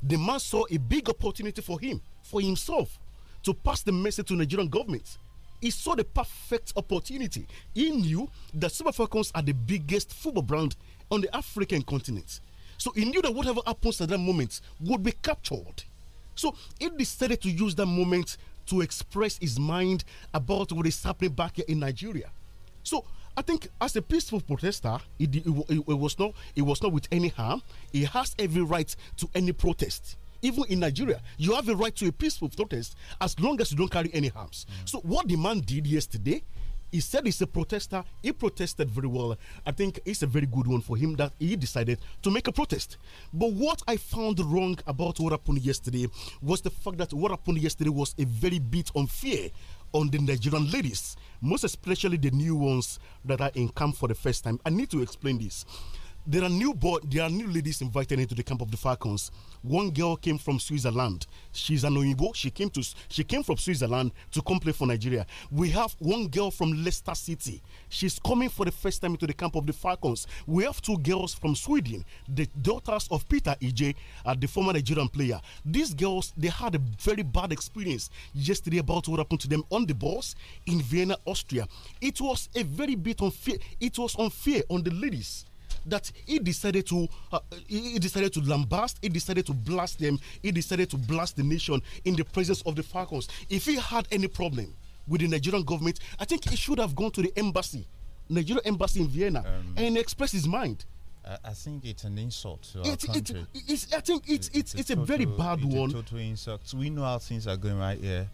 The man saw a big opportunity for him, for himself, to pass the message to Nigerian government. He saw the perfect opportunity. He knew that Super Falcons are the biggest football brand on the African continent so he knew that whatever happens at that moment would be captured. So he decided to use that moment to express his mind about what is happening back here in Nigeria. So I think as a peaceful protester, it, it, it, it, was not it was not with any harm. He has every right to any protest. Even in Nigeria, you have a right to a peaceful protest as long as you don't carry any harms. Mm. So what the man did yesterday he said he's a protester. He protested very well. I think it's a very good one for him that he decided to make a protest. But what I found wrong about what happened yesterday was the fact that what happened yesterday was a very bit on fear on the Nigerian ladies, most especially the new ones that are in camp for the first time. I need to explain this there are new boy, there are new ladies invited into the camp of the Falcons. One girl came from Switzerland. She's an Oyibo. She came to she came from Switzerland to come play for Nigeria. We have one girl from Leicester City. She's coming for the first time into the camp of the Falcons. We have two girls from Sweden, the daughters of Peter EJ, uh, the former Nigerian player. These girls they had a very bad experience yesterday about what happened to them on the bus in Vienna, Austria. It was a very bit unfair. It was unfair on the ladies that he decided to uh, he decided to lambast, he decided to blast them, he decided to blast the nation in the presence of the Falcons. If he had any problem with the Nigerian government, I think he should have gone to the embassy, Nigerian embassy in Vienna, um, and expressed his mind. I think it's an insult to it, our country. It, it's, I think it's it's, it's, it's a, total, very bad one. total insult. We know how things are going right here.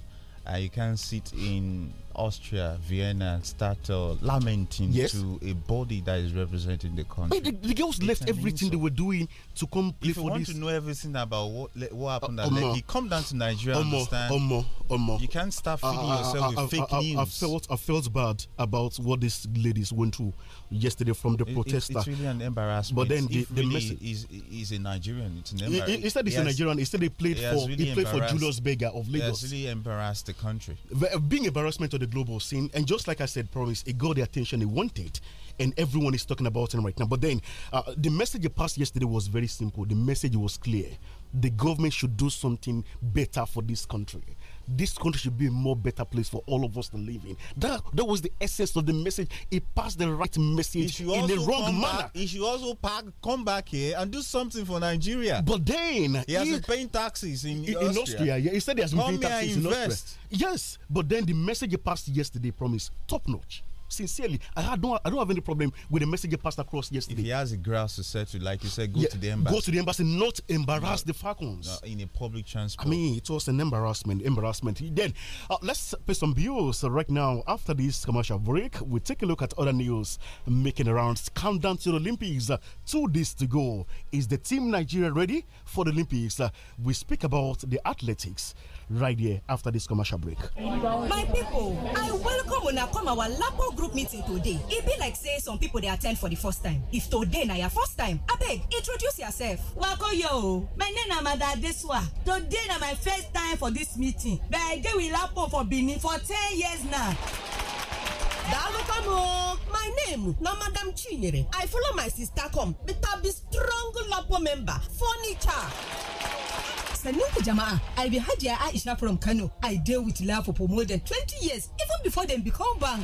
Uh, you can't sit in Austria, Vienna, start uh, lamenting yes. to a body that is representing the country. The, the, girls it's left everything insult. they were doing to come play if for this. If you want to know everything about what, what happened uh, at um, Lekki, come down to Nigeria. Um, understand? Um, um, you can't start feeding uh, yourself uh, with fake news. I felt I felt bad about what these ladies went through yesterday from the it, protester. It's really an embarrassment. But then the, the really message is is a Nigerian. It's an embarrassment. instead, it's a Nigerian. Instead, he played he for really he played for Julius Berger of Lagos. He has really embarrassed the country. Being embarrassment to the global scene. And just like I said, promise, it got the attention it wanted. And everyone is talking about him right now. But then uh, the message you passed yesterday was very simple. The message was clear. The government should do something better for this country this country should be a more better place for all of us to live in. That that was the essence of the message. It passed the right message in the wrong manner. Back, he should also pack, come back here and do something for Nigeria. But then he has been paying taxes in, in Austria. Austria. Yeah, he said he has been paying taxes in Austria. Yes, but then the message he passed yesterday promised top notch Sincerely, I don't. I don't have any problem with the message he passed across yesterday. If he has a grass to settle, like you said, go yeah, to the embassy. Go to the embassy, not embarrass no, the Falcons no, in a public transport. I mean, it was an embarrassment. Embarrassment. Then uh, let's pay some bills right now. After this commercial break, we we'll take a look at other news making rounds. Countdown to the Olympics. Uh, two days to go. Is the team Nigeria ready for the Olympics? Uh, we speak about the athletics right here after this commercial break. My people, I welcome when I come our Lapo group meeting today. It be like say some people they attend for the first time. If today na your first time, I beg introduce yourself. yo, my name na Mother Adesua. Today na my first time for this meeting. But I dey with Lapo for being for ten years now. daalụkwanụ my name na madam chinyere i follow my sister come beta be strong Lapo member furniture sannin ku jama'a i be aisha from kano i deal with love for more than twenty years even before they become bank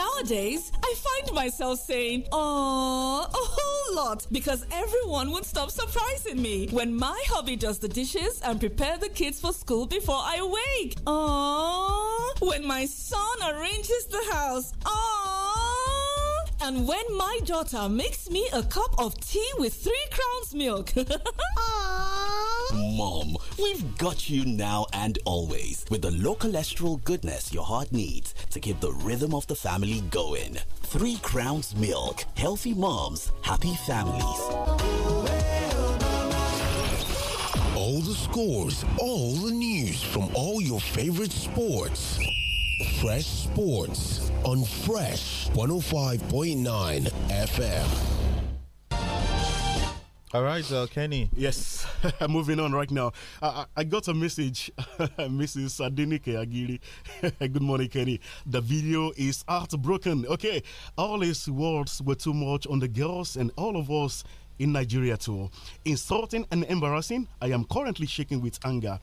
Nowadays, I find myself saying, "Aww," a whole lot because everyone would stop surprising me when my hubby does the dishes and prepare the kids for school before I wake. Aww, when my son arranges the house. Aww and when my daughter makes me a cup of tea with three crowns milk. Mom, we've got you now and always with the low cholesterol goodness your heart needs to keep the rhythm of the family going. Three crowns milk. Healthy moms, happy families. All the scores, all the news from all your favorite sports. Fresh Sports on Fresh 105.9 FM. All right, uh, Kenny. Yes, moving on right now. I, I got a message, Mrs. Sadinike Agiri. Good morning, Kenny. The video is heartbroken. Okay, all his words were too much on the girls and all of us in Nigeria too. Insulting and embarrassing, I am currently shaking with anger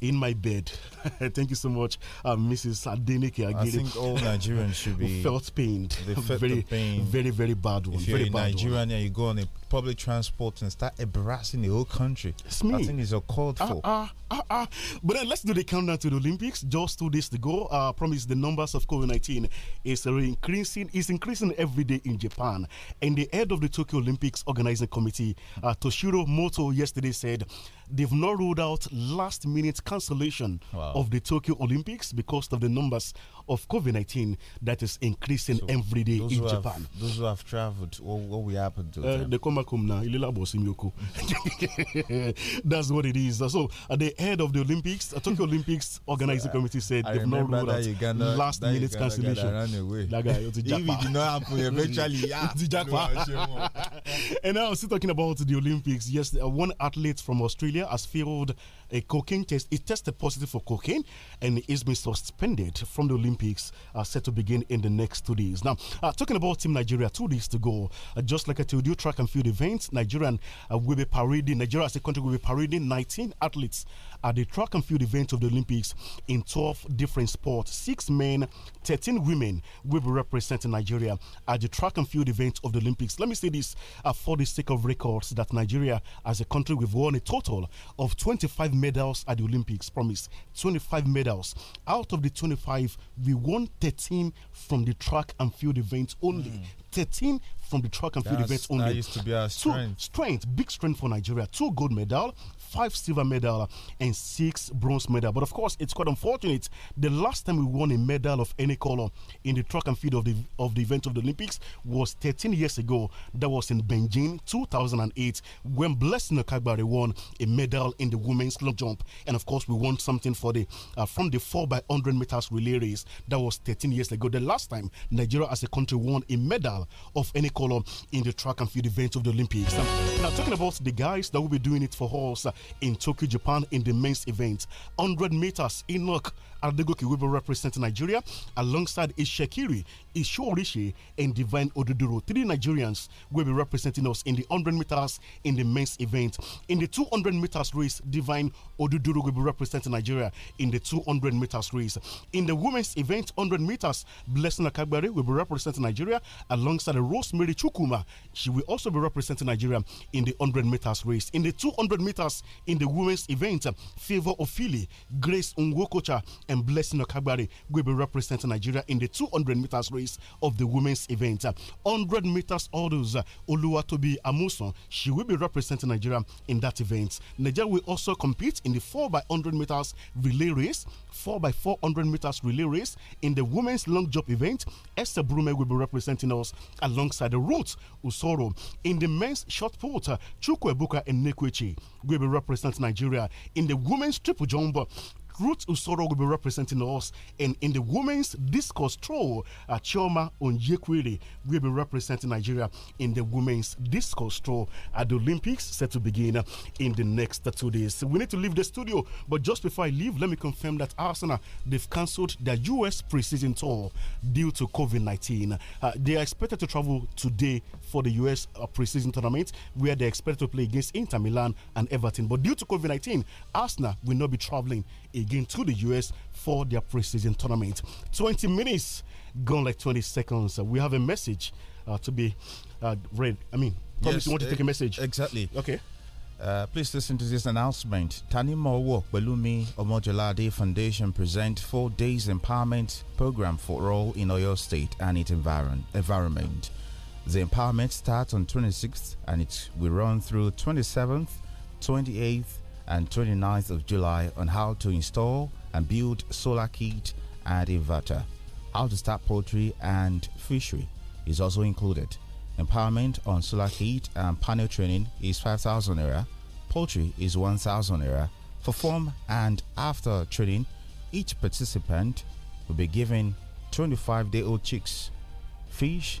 in my bed. Thank you so much, uh, Mrs. Adenike I think all Nigerians should be felt pained. They felt very, the pain. very, very bad one. If you're very Nigerian and you go on a public transport and start embarrassing the whole country, I think it's called ah, for. Uh, uh, uh, but then let's do the countdown to the Olympics. Just two days to go. Uh, I promise the numbers of COVID-19 is increasing. Is increasing every day in Japan. And the head of the Tokyo Olympics organizing committee, uh, Toshiro Moto, yesterday said they've not ruled out last-minute cancellation wow. of the Tokyo Olympics because of the numbers of COVID 19 that is increasing so every day in Japan. Have, those who have traveled, what, what will happen to uh, them? They come back home now. That's what it is. So, at the head of the Olympics, uh, Tokyo Olympics organizing so, committee said I they've not ruled out Uganda, last minute Uganda cancellation. That guy, if it did not happen, eventually, yeah. and now, still talking about the Olympics. Yes, uh, one athlete from Australia has failed a cocaine test. He tested positive for cocaine and he's been suspended from the Olympics, uh, set to begin in the next two days. Now, uh, talking about Team Nigeria, two days to go. Uh, just like I told you, track and field events, Nigerian uh, will be parading, Nigeria as a country will be parading 19 athletes at the track and field event of the Olympics in 12 different sports. Six men, 13 women will be representing Nigeria at the track and field event of the Olympics. Let me say this uh, for the sake of records that Nigeria, as a country, we've won a total of 25 medals at the Olympics. Promise 25 medals. Out of the 25, we won 13 from the track and field event only. Mm. 13 from the track and field events only. That used to be our strength. Two, strength, big strength for Nigeria. Two gold medal, five silver medal and six bronze medal. But of course, it's quite unfortunate. The last time we won a medal of any color in the track and field of the of the event of the Olympics was 13 years ago. That was in Beijing 2008 when Blessing Okagbare won a medal in the women's long jump. And of course, we won something for the uh, from the 4 by 100 meters relay race. That was 13 years ago. The last time Nigeria as a country won a medal of any color in the track and field event of the Olympics. now, talking about the guys that will be doing it for us, uh, in Tokyo, Japan in the men's event. 100 meters, Enoch Adegoke will be representing Nigeria alongside Ishekiri, Ishuorishi, and Divine Oduduro. Three Nigerians will be representing us in the 100 meters in the men's event. In the 200 meters race, Divine Oduduro will be representing Nigeria in the 200 meters race. In the women's event, 100 meters, Blessing Akagbare will be representing Nigeria alongside Rosemary Chukuma. She will also be representing Nigeria in the 100 meters race. In the 200 meters in the women's event, Favor Philly, Grace Unwokocha, and Blessing Okagbari will be representing Nigeria in the 200 meters race of the women's event. 100 meters hurdles, uh, Oluwatobi Amuson, she will be representing Nigeria in that event. Nigeria will also compete in the 4 by 100 meters relay race, 4 by 400 meters relay race in the women's long jump event. Esther Brume will be representing us alongside the Ruth Usoro. In the men's shot put, uh, Chukwebuka and Nikwechi will be representing Nigeria in the women's triple jump. Uh, Ruth Usoro will be representing us. And in the women's discus throw, uh, Chioma Onyekwere will be representing Nigeria in the women's discus throw at uh, the Olympics set to begin in the next two days. We need to leave the studio, but just before I leave, let me confirm that Arsenal, they've cancelled their US preseason tour due to COVID-19. Uh, they are expected to travel today for the US uh, preseason tournament, where they expect to play against Inter Milan and Everton. But due to COVID 19, Arsenal will not be traveling again to the US for their preseason tournament. 20 minutes gone like 20 seconds. we have a message uh, to be uh, read. I mean, Thomas, yes, you want to take a eh, message? Exactly. Okay. Uh, please listen to this announcement. Tanimo Balumi Belumi Omojolade Foundation present four days empowerment program for all in Oyo State and its environment. The empowerment starts on 26th and it will run through 27th, 28th, and 29th of July on how to install and build solar kit and inverter. How to start poultry and fishery is also included. Empowerment on solar kit and panel training is 5,000 naira. Poultry is 1,000 naira. For form and after training, each participant will be given 25 day old chicks, fish,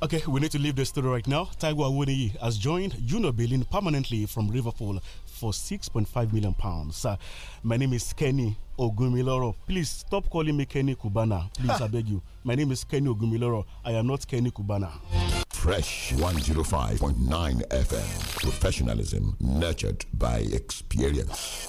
Okay, we need to leave the studio right now. Taiwo Awuniyi has joined Juno Belin permanently from Liverpool for 6.5 million pounds. Uh, my name is Kenny Ogumiloro. Please stop calling me Kenny Kubana. Please, I beg you. My name is Kenny Ogumiloro. I am not Kenny Kubana. Fresh 105.9 FM. Professionalism nurtured by experience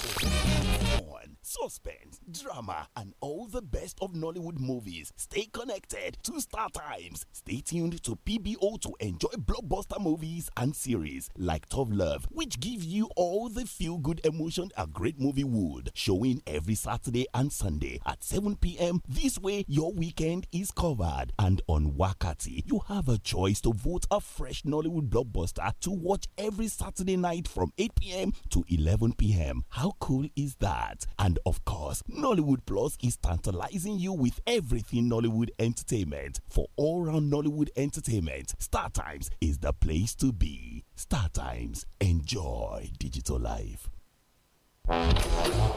suspense, drama, and all the best of Nollywood movies. Stay connected to Star Times. Stay tuned to PBO to enjoy blockbuster movies and series like Tough Love, which give you all the feel good emotion a great movie would. Showing every Saturday and Sunday at 7 p.m. This way, your weekend is covered. And on Wakati, you have a choice to vote a fresh Nollywood blockbuster to watch every Saturday night from 8 p.m. to 11 p.m. How cool is that? And of course, Nollywood Plus is tantalizing you with everything Nollywood entertainment. For all round Nollywood entertainment, Star Times is the place to be. Star Times, enjoy digital life.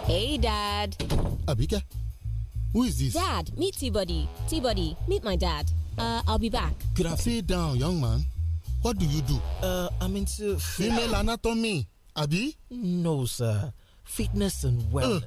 Hey, Dad. Abika, who is this? Dad, meet T-Body. T-Body, meet my dad. Uh, I'll be back. Could I sit down, young man? What do you do? Uh, I'm into... Female anatomy, Abi? No, sir. Fitness and uh, wellness. Uh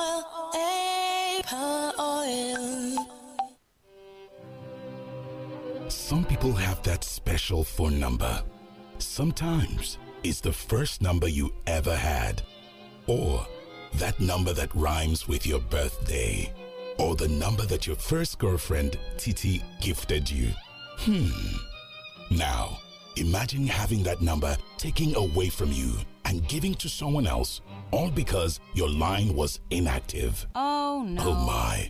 Some people have that special phone number. Sometimes it's the first number you ever had, or that number that rhymes with your birthday, or the number that your first girlfriend, Titi, gifted you. Hmm. Now, imagine having that number taken away from you and giving to someone else, all because your line was inactive. Oh no. Oh my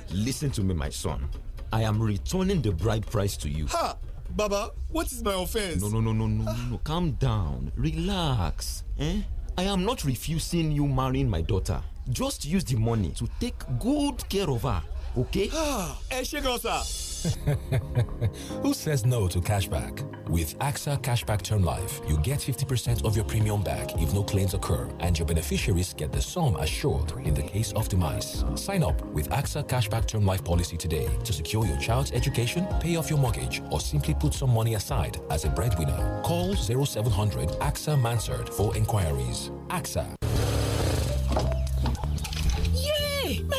Listen to me, my son. I am returning the bride price to you. Ha! Baba, what is my offense? No, no, no, no, no, no, Calm down. Relax. Eh? I am not refusing you marrying my daughter. Just use the money to take good care of her, okay? Ha! ṣe gan Who says no to cashback? With AXA Cashback Term Life, you get 50% of your premium back if no claims occur, and your beneficiaries get the sum assured in the case of demise. Sign up with AXA Cashback Term Life policy today to secure your child's education, pay off your mortgage, or simply put some money aside as a breadwinner. Call 0700 AXA Mansard for inquiries. AXA.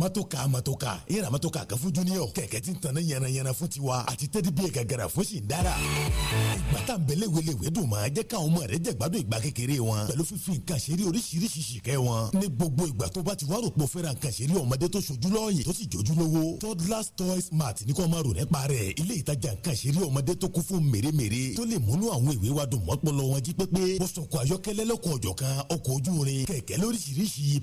mọ́tòkà mọ́tòkà ìyára mọ́tòkà kan fún junior kẹ̀kẹ́ tí ń tanná yànnayànna fún tiwa àti tẹ́tí bíi gàgàrà fún sì ń dára. ìgbà tá n bẹ̀lẹ̀ welewe dùn máa jẹ́ káwọn ọmọ rẹ̀ jẹ̀gbádùn ìgbà kékeré wọn pẹ̀lú fífi nǹkan ṣeré oríṣiríṣi ṣìkẹ́ wọn. ní gbogbo ìgbà tó bá ti wá rògbò fẹ́ra nǹkan ṣeré ọmọdé tó ṣojú lọ́ọ̀yì tó sì jójú lówó. toddlers toys mart ní kò máa rò nípa rẹ̀ ilé ìtajà nǹkan ṣeré ọmọdé tó kún fún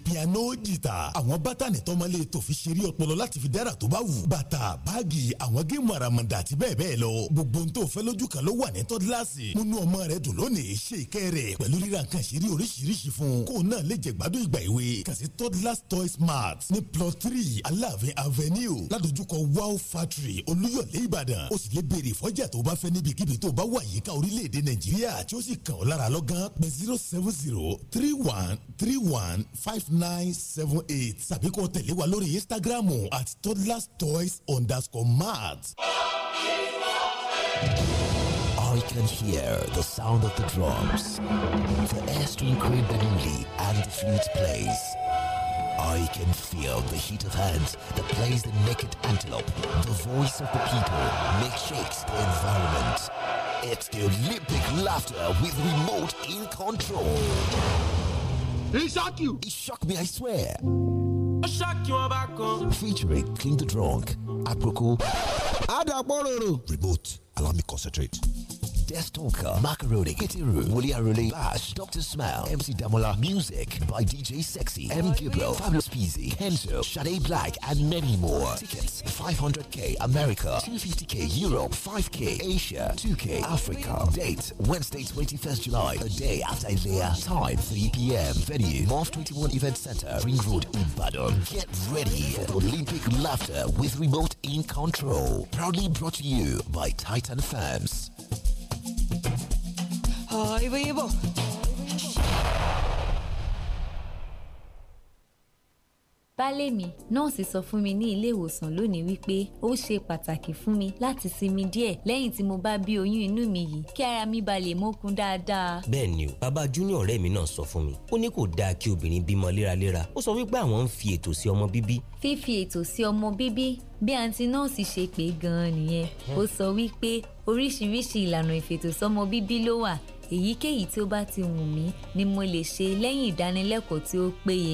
piano jìtà àwọn bátànì ètò fi ṣeré ọpọlọ láti fi dára tó bá wù. bàtà báàgì àwọn géèmù àràmàǹdà àti bẹ́ẹ̀ bẹ́ẹ̀ lọ. gbogbo n tó fẹ́ lójú kan ló wà ní tọ́dílàsì. múnú ọmọ rẹ dùn lónìí ṣe ìkẹ́ rẹ̀ pẹ̀lú ríra nǹkan ṣeré oríṣiríṣi fún. kó náà lè jẹ gbádùn ìgbà ìwé. kà tọ́dílàsì toy smart ní plot three aláàfin avenue ládojúkọ wow factory olúyọ̀lé ìbàdàn. ó sì lè béèrè fọ́jà tó bá fẹ́ níbikíbi tó bá wà yíká orílẹ̀-èdè nàìjíríà tí zero seven zero three one three one five nine seven eight tàbí kó lórí Instagram at toddlers toys underscore mart. I can hear the sound of the drums, the air string and the flute plays. I can feel the heat of hands that plays the naked antelope. The voice of the people shakes the environment. It's the Olympic laughter with remote in control. He shocked you! He shocked me, I swear. Featuring Clean the Drunk, Aproko, Adaporo, Remote, allow me concentrate. Death Talker, Macaroni, Kitiru, Wooly Aruli, Bash, Dr. Smile, MC Damola, Music by DJ Sexy, M. Gabriel, Fabulous Peasy, Kenzo, Sade Black, and many more. Tickets 500k America, 250k Europe, 5k Asia, 2k Africa. Date Wednesday, 21st July, a day after Ilea. Time 3 p.m. Venue Morph 21 Event Center, Ring Road, Ibadan. Get ready for Olympic laughter with remote in control. Proudly brought to you by Titan Fans. Ay, vivo. Baálé mi, nọ́ọ̀sì sọ fún mi ní ilé ìwòsàn lónìí wípé ó ṣe pàtàkì fún mi láti sinmi díẹ̀ lẹ́yìn tí mo bá bí oyún inú mi yìí kí ara mi ba lè mókun dáadáa. Bẹ́ẹ̀ni o, bàbá Júnior ọ̀rẹ́ mi náà sọ fún mi, ó ní kò dáa kí obìnrin bímọ léraléra, ó sọ wípé àwọn ń fi ètò sí ọmọ bíbí. Fífi ètò sí ọmọ bíbí bí àǹtí nọ́ọ̀sì ṣe pé gan-an nìyẹn, ó sọ wípé oríṣiríṣi ìlànà ìfètòsọ́mọ bíbí ló wà èyíkéyìí tí ó bá ti wù mí ni mo lè ṣe lẹ́yìn ìdánilẹ́kọ̀ọ́ tí ó péye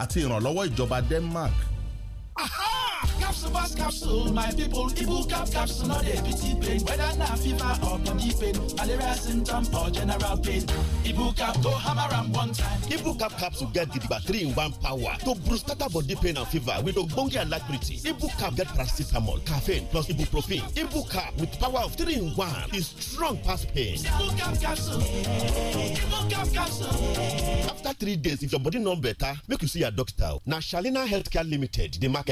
àti ìrànlọ́wọ́ ìjọba Denmark Capsule pass capsule, my people. Ibu cap capsule, not a pity pain. Whether na fever or body pain, malaria symptom or general pain. Ibu cap go hammer am one time. Ibu cap capsule get gidigba three in one power to boost tata body pain and fever with ogbonge alacrity. Ibu cap get paracetamol, caffeine plus ibuprofen. Ibu cap with power of three in one is strong past pain. Ibu cap capsule. Ibu cap capsule. After three days, if your body no better, make you see your doctor. Now Shalina Healthcare Limited, the market.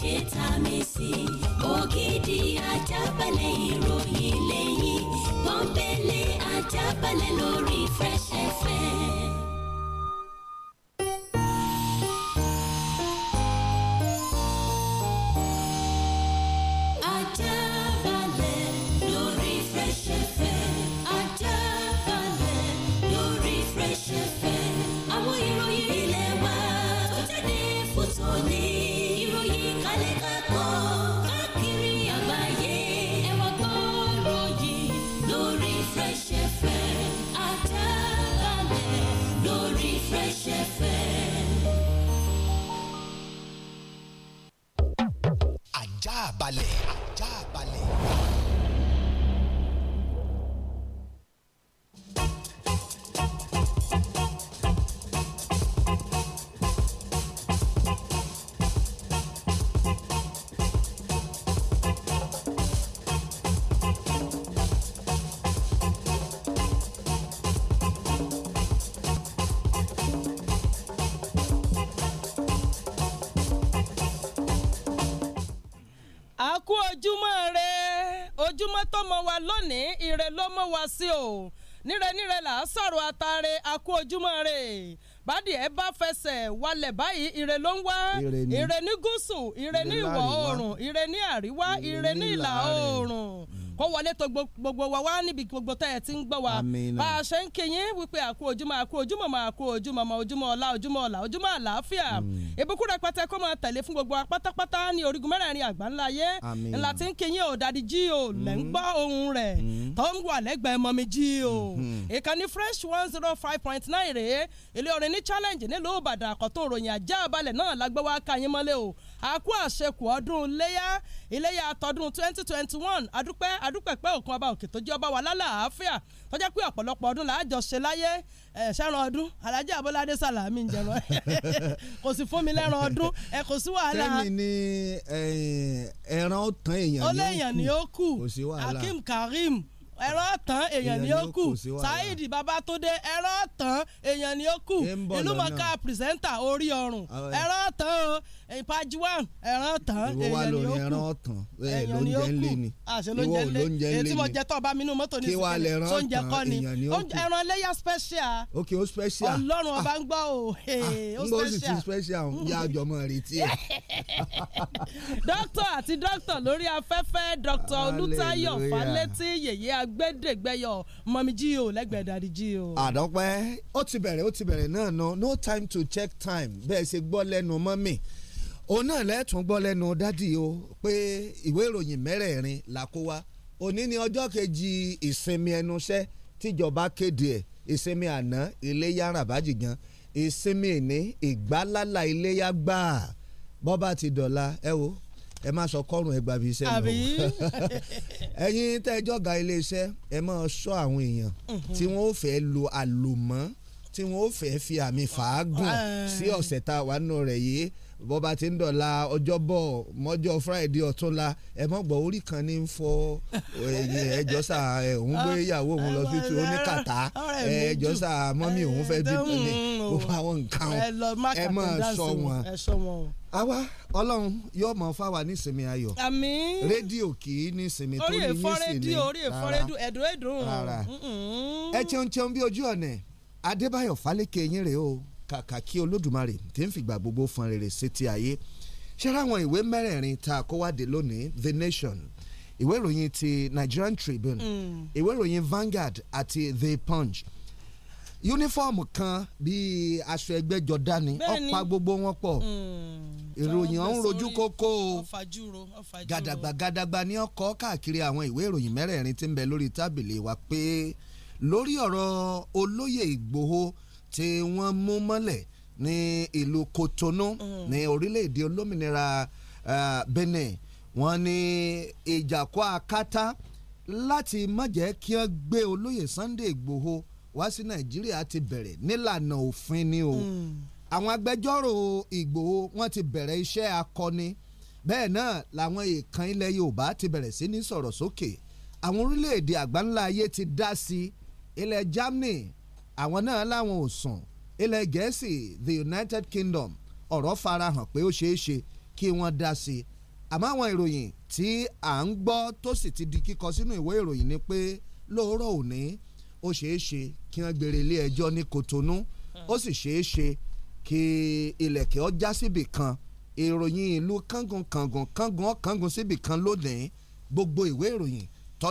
ṣe ta mi sí i. ògidì ajábalẹ̀ ìròyìn lẹ́yìn pọ́npẹ́lẹ́ ajábalẹ̀ lórí Fresh FM. lónìí ire ló mú wa sí o nírenire là á sọ̀rọ̀ àtàrẹ akú ojúmọ́ rẹ̀ bádìí ẹ bá fẹsẹ̀ walẹ̀ báyìí ire ló ń wá ire ní gúúsù ire ní ìwọ̀ oòrùn ire ní àríwá ire ní ìlà oòrùn kó wọlé tó gbogbo wa wá níbi gbogbo tẹ́ ẹ ti ń gbọ́ wa bá a ṣe ń kíyìn wípé àkú ojúmọ́ àkú ojúmọ́ mà àkú ojúmọ́ mà ojúmọ́ ọ̀la ojúmọ́ ọ̀la ojúmọ́ àlàáfíà hmm. ìbùkún rẹpẹtẹ kó máa tẹ̀lé fún gbogbo apátápátá ní orígun mẹ́rẹ̀ẹ̀rin àgbáńlá ayé ńlá ti ń kíyìn ò dadi jí o hmm. lẹ́ ń gbọ́ ohun rẹ̀ hmm. tó ń wà lẹ́gbẹ̀ẹ́ mọ́ jí o ìkànnì fresh one zero five point nine rèé ilé orin ní challenge nílùú ìbàdàn àkọ́tún òròyìn àjẹ́ àbálẹ̀ náà lágbẹ́wá kayín mọ́lẹ̀ o àkú àṣekù ọdún iléyà iléyà tọdún twenty twenty one adúpẹ́ adúpẹ́pẹ́ òkun ọba òkè tó jẹ́ ọba wa lálàáfíà tó pé ọ̀pọ̀lọpọ̀ ọdún là ṣe láyé ṣẹ́ran ọdún alájà abọ́ládé sàlámì ń jẹran kò sì fún mi lẹ́ran ọdún ẹ kò sí wàhálà. tẹ́mi ni ẹran ọ̀tàn èèyàn ni ó kù Hakeem Karim ẹran tán èèyàn ni ó kù Saheed Babatunde ẹran tán èèyàn ni ó kù ìlúmọ̀ká pírẹsẹ́ńtà orí ọrùn ẹran tán o ìpàjì wà ẹran tán èèyàn ni ó kù ẹran tán lóúnjẹ ń lé ni ìwọ lóúnjẹ ń lé ni ètí mo jẹ tó ọba mi nínú mọ́tò ní sùkúrẹ́ tó ń jẹ kọ́ ni ẹran léyà special ok o special ọlọ́run ọba ń gbọ́ o o special n gbọ́ sì ti special ń yá àjọ mọ́ retí ẹ̀. dókítà àti dókítà lórí afẹ́fẹ́ dókítà olùtayọ̀ falẹ́tí yèyé agbẹ́dẹ́gbẹ́yọ̀ mọ̀mí jí o lẹ́gbẹ̀ẹ́ dàdí jí o. àdọ́pẹ́ ó ti bẹ̀rẹ̀ ó ti bẹ̀rẹ̀ náà no time to check time bẹ́ẹ̀ ṣe gbọ́ lẹ́nu mọ́mì òun náà lẹ́tùn gbọ́ lẹ́nu dádì o pé ìwé ìròyìn mẹ́rẹ̀ẹ̀rin là kó wa òní ni ọjọ́ kejì ìsinmi ẹnu iṣẹ́ tíjọba kéde ẹ̀ ìsinmi àná iléyà rabaji gan ìsinmi ìní ìgbálálà iléyà gbáà bọ́ba ti dọ̀la ẹ wo ẹ má sọ kọ́rùn ẹ gbàbí iṣẹ́ lọ ẹ̀yin tẹ́jọ́ ga iléeṣẹ́ ẹ máa ṣọ́ àwọn èèyàn mhm. tí wọ́n ó fẹ́ lo àlòmọ́ tí wọ́n ó fẹ́ fi àmì fàágùn ah. sí ọ̀sẹ̀ tá a wà nù rẹ̀ yìí bọ́ba ti ń dọ̀la ọjọ́bọ̀ mọ́jọ́ friday ọ̀túnla ẹ mọ̀ gbọ́ orí kan ní fọ ẹjọ́ sà òun gbé ìyàwó òun lọ sí tu oníkàtà ẹjọ́ sà mọ́mí òun fẹ́ bí pẹ̀lẹ́ gbogbo àwọn nǹkan ẹ mọ̀ sọ wọn. àwa ọlọ́run yóò mọ̀ fáwa nísìmí ayọ̀ rédíò kì í nísìmí tó ní nísìmí rárá ẹ̀dùn ẹ̀dùn rárá ẹ̀ cheun cheun bí ojú ọ̀nẹ̀ adébáyọ̀ fálékè yín rèé o kàkà kí olódùmarè tí ń fìgbà gbogbo fọn rere sétí ayé ṣẹ́ra àwọn ìwé mẹ́rẹ̀ẹ̀rin tá a lónìí The Nation ìwé ìròyìn ti Nigerian Tribune mm. ìwé mm. ìròyìn Vanguard àti The Punch yunifọ́ọ̀mù kan bíi aṣọ ẹgbẹ́jọdá ni ọ̀pá gbogbo wọn pọ̀ mm. ìròyìn ọ̀hún rojú kókó gàdàgbà gàdàgbà ní ọkọ̀ káàkiri àwọn ìwé ìròyìn mẹ́rẹ̀ẹ̀rin tí ń bẹ lórí tábìlì wa pé lórí ọ̀rọ̀ olóyè Ìgbòho tí wọ́n mú mọ́lẹ̀ ní ìlú Kotonu mm. ní orílẹ̀-èdè olómìnira Benin wọ́n ní ìjàkọ́ akátá láti má jẹ́ kí wọ́n gbé olóyè Sunday Igboho wá sí Nàìjíríà ti bẹ̀rẹ̀ nílànà òfin ni o mm. àwọn agbẹjọ́rò Ìgbòho wọ́n ti bẹ̀rẹ̀ iṣẹ́ akọni bẹ́ẹ̀ náà làwọn èèkàn ilẹ̀ Yorùbá ti bẹ̀rẹ̀ sí ní sọ̀rọ̀ sókè àwọn orílẹ̀-èdè àgbáńlá ayé ti dá sí ilẹ̀ Germany àwọn náà láwọn ò sùn ilẹ̀ gẹ̀ẹ́sì the United Kingdom ọ̀rọ̀ farahàn pé ó ṣeé ṣe kí wọ́n dá sí i àmọ́ àwọn ìròyìn tí à ń gbọ́ tó sì ti di kíkọ sínú ìwé ìròyìn ni pé lóòrọ̀ òní ó ṣeé ṣe kí wọ́n gbèrè ilé ẹjọ́ ní Kotonu ó sì ṣeé ṣe kí ilẹ̀kẹ̀ ọjà síbì kan ìròyìn ìlú kángun kángun kángun kángun síbì kan lónìí gbogbo ìwé ìròyìn tó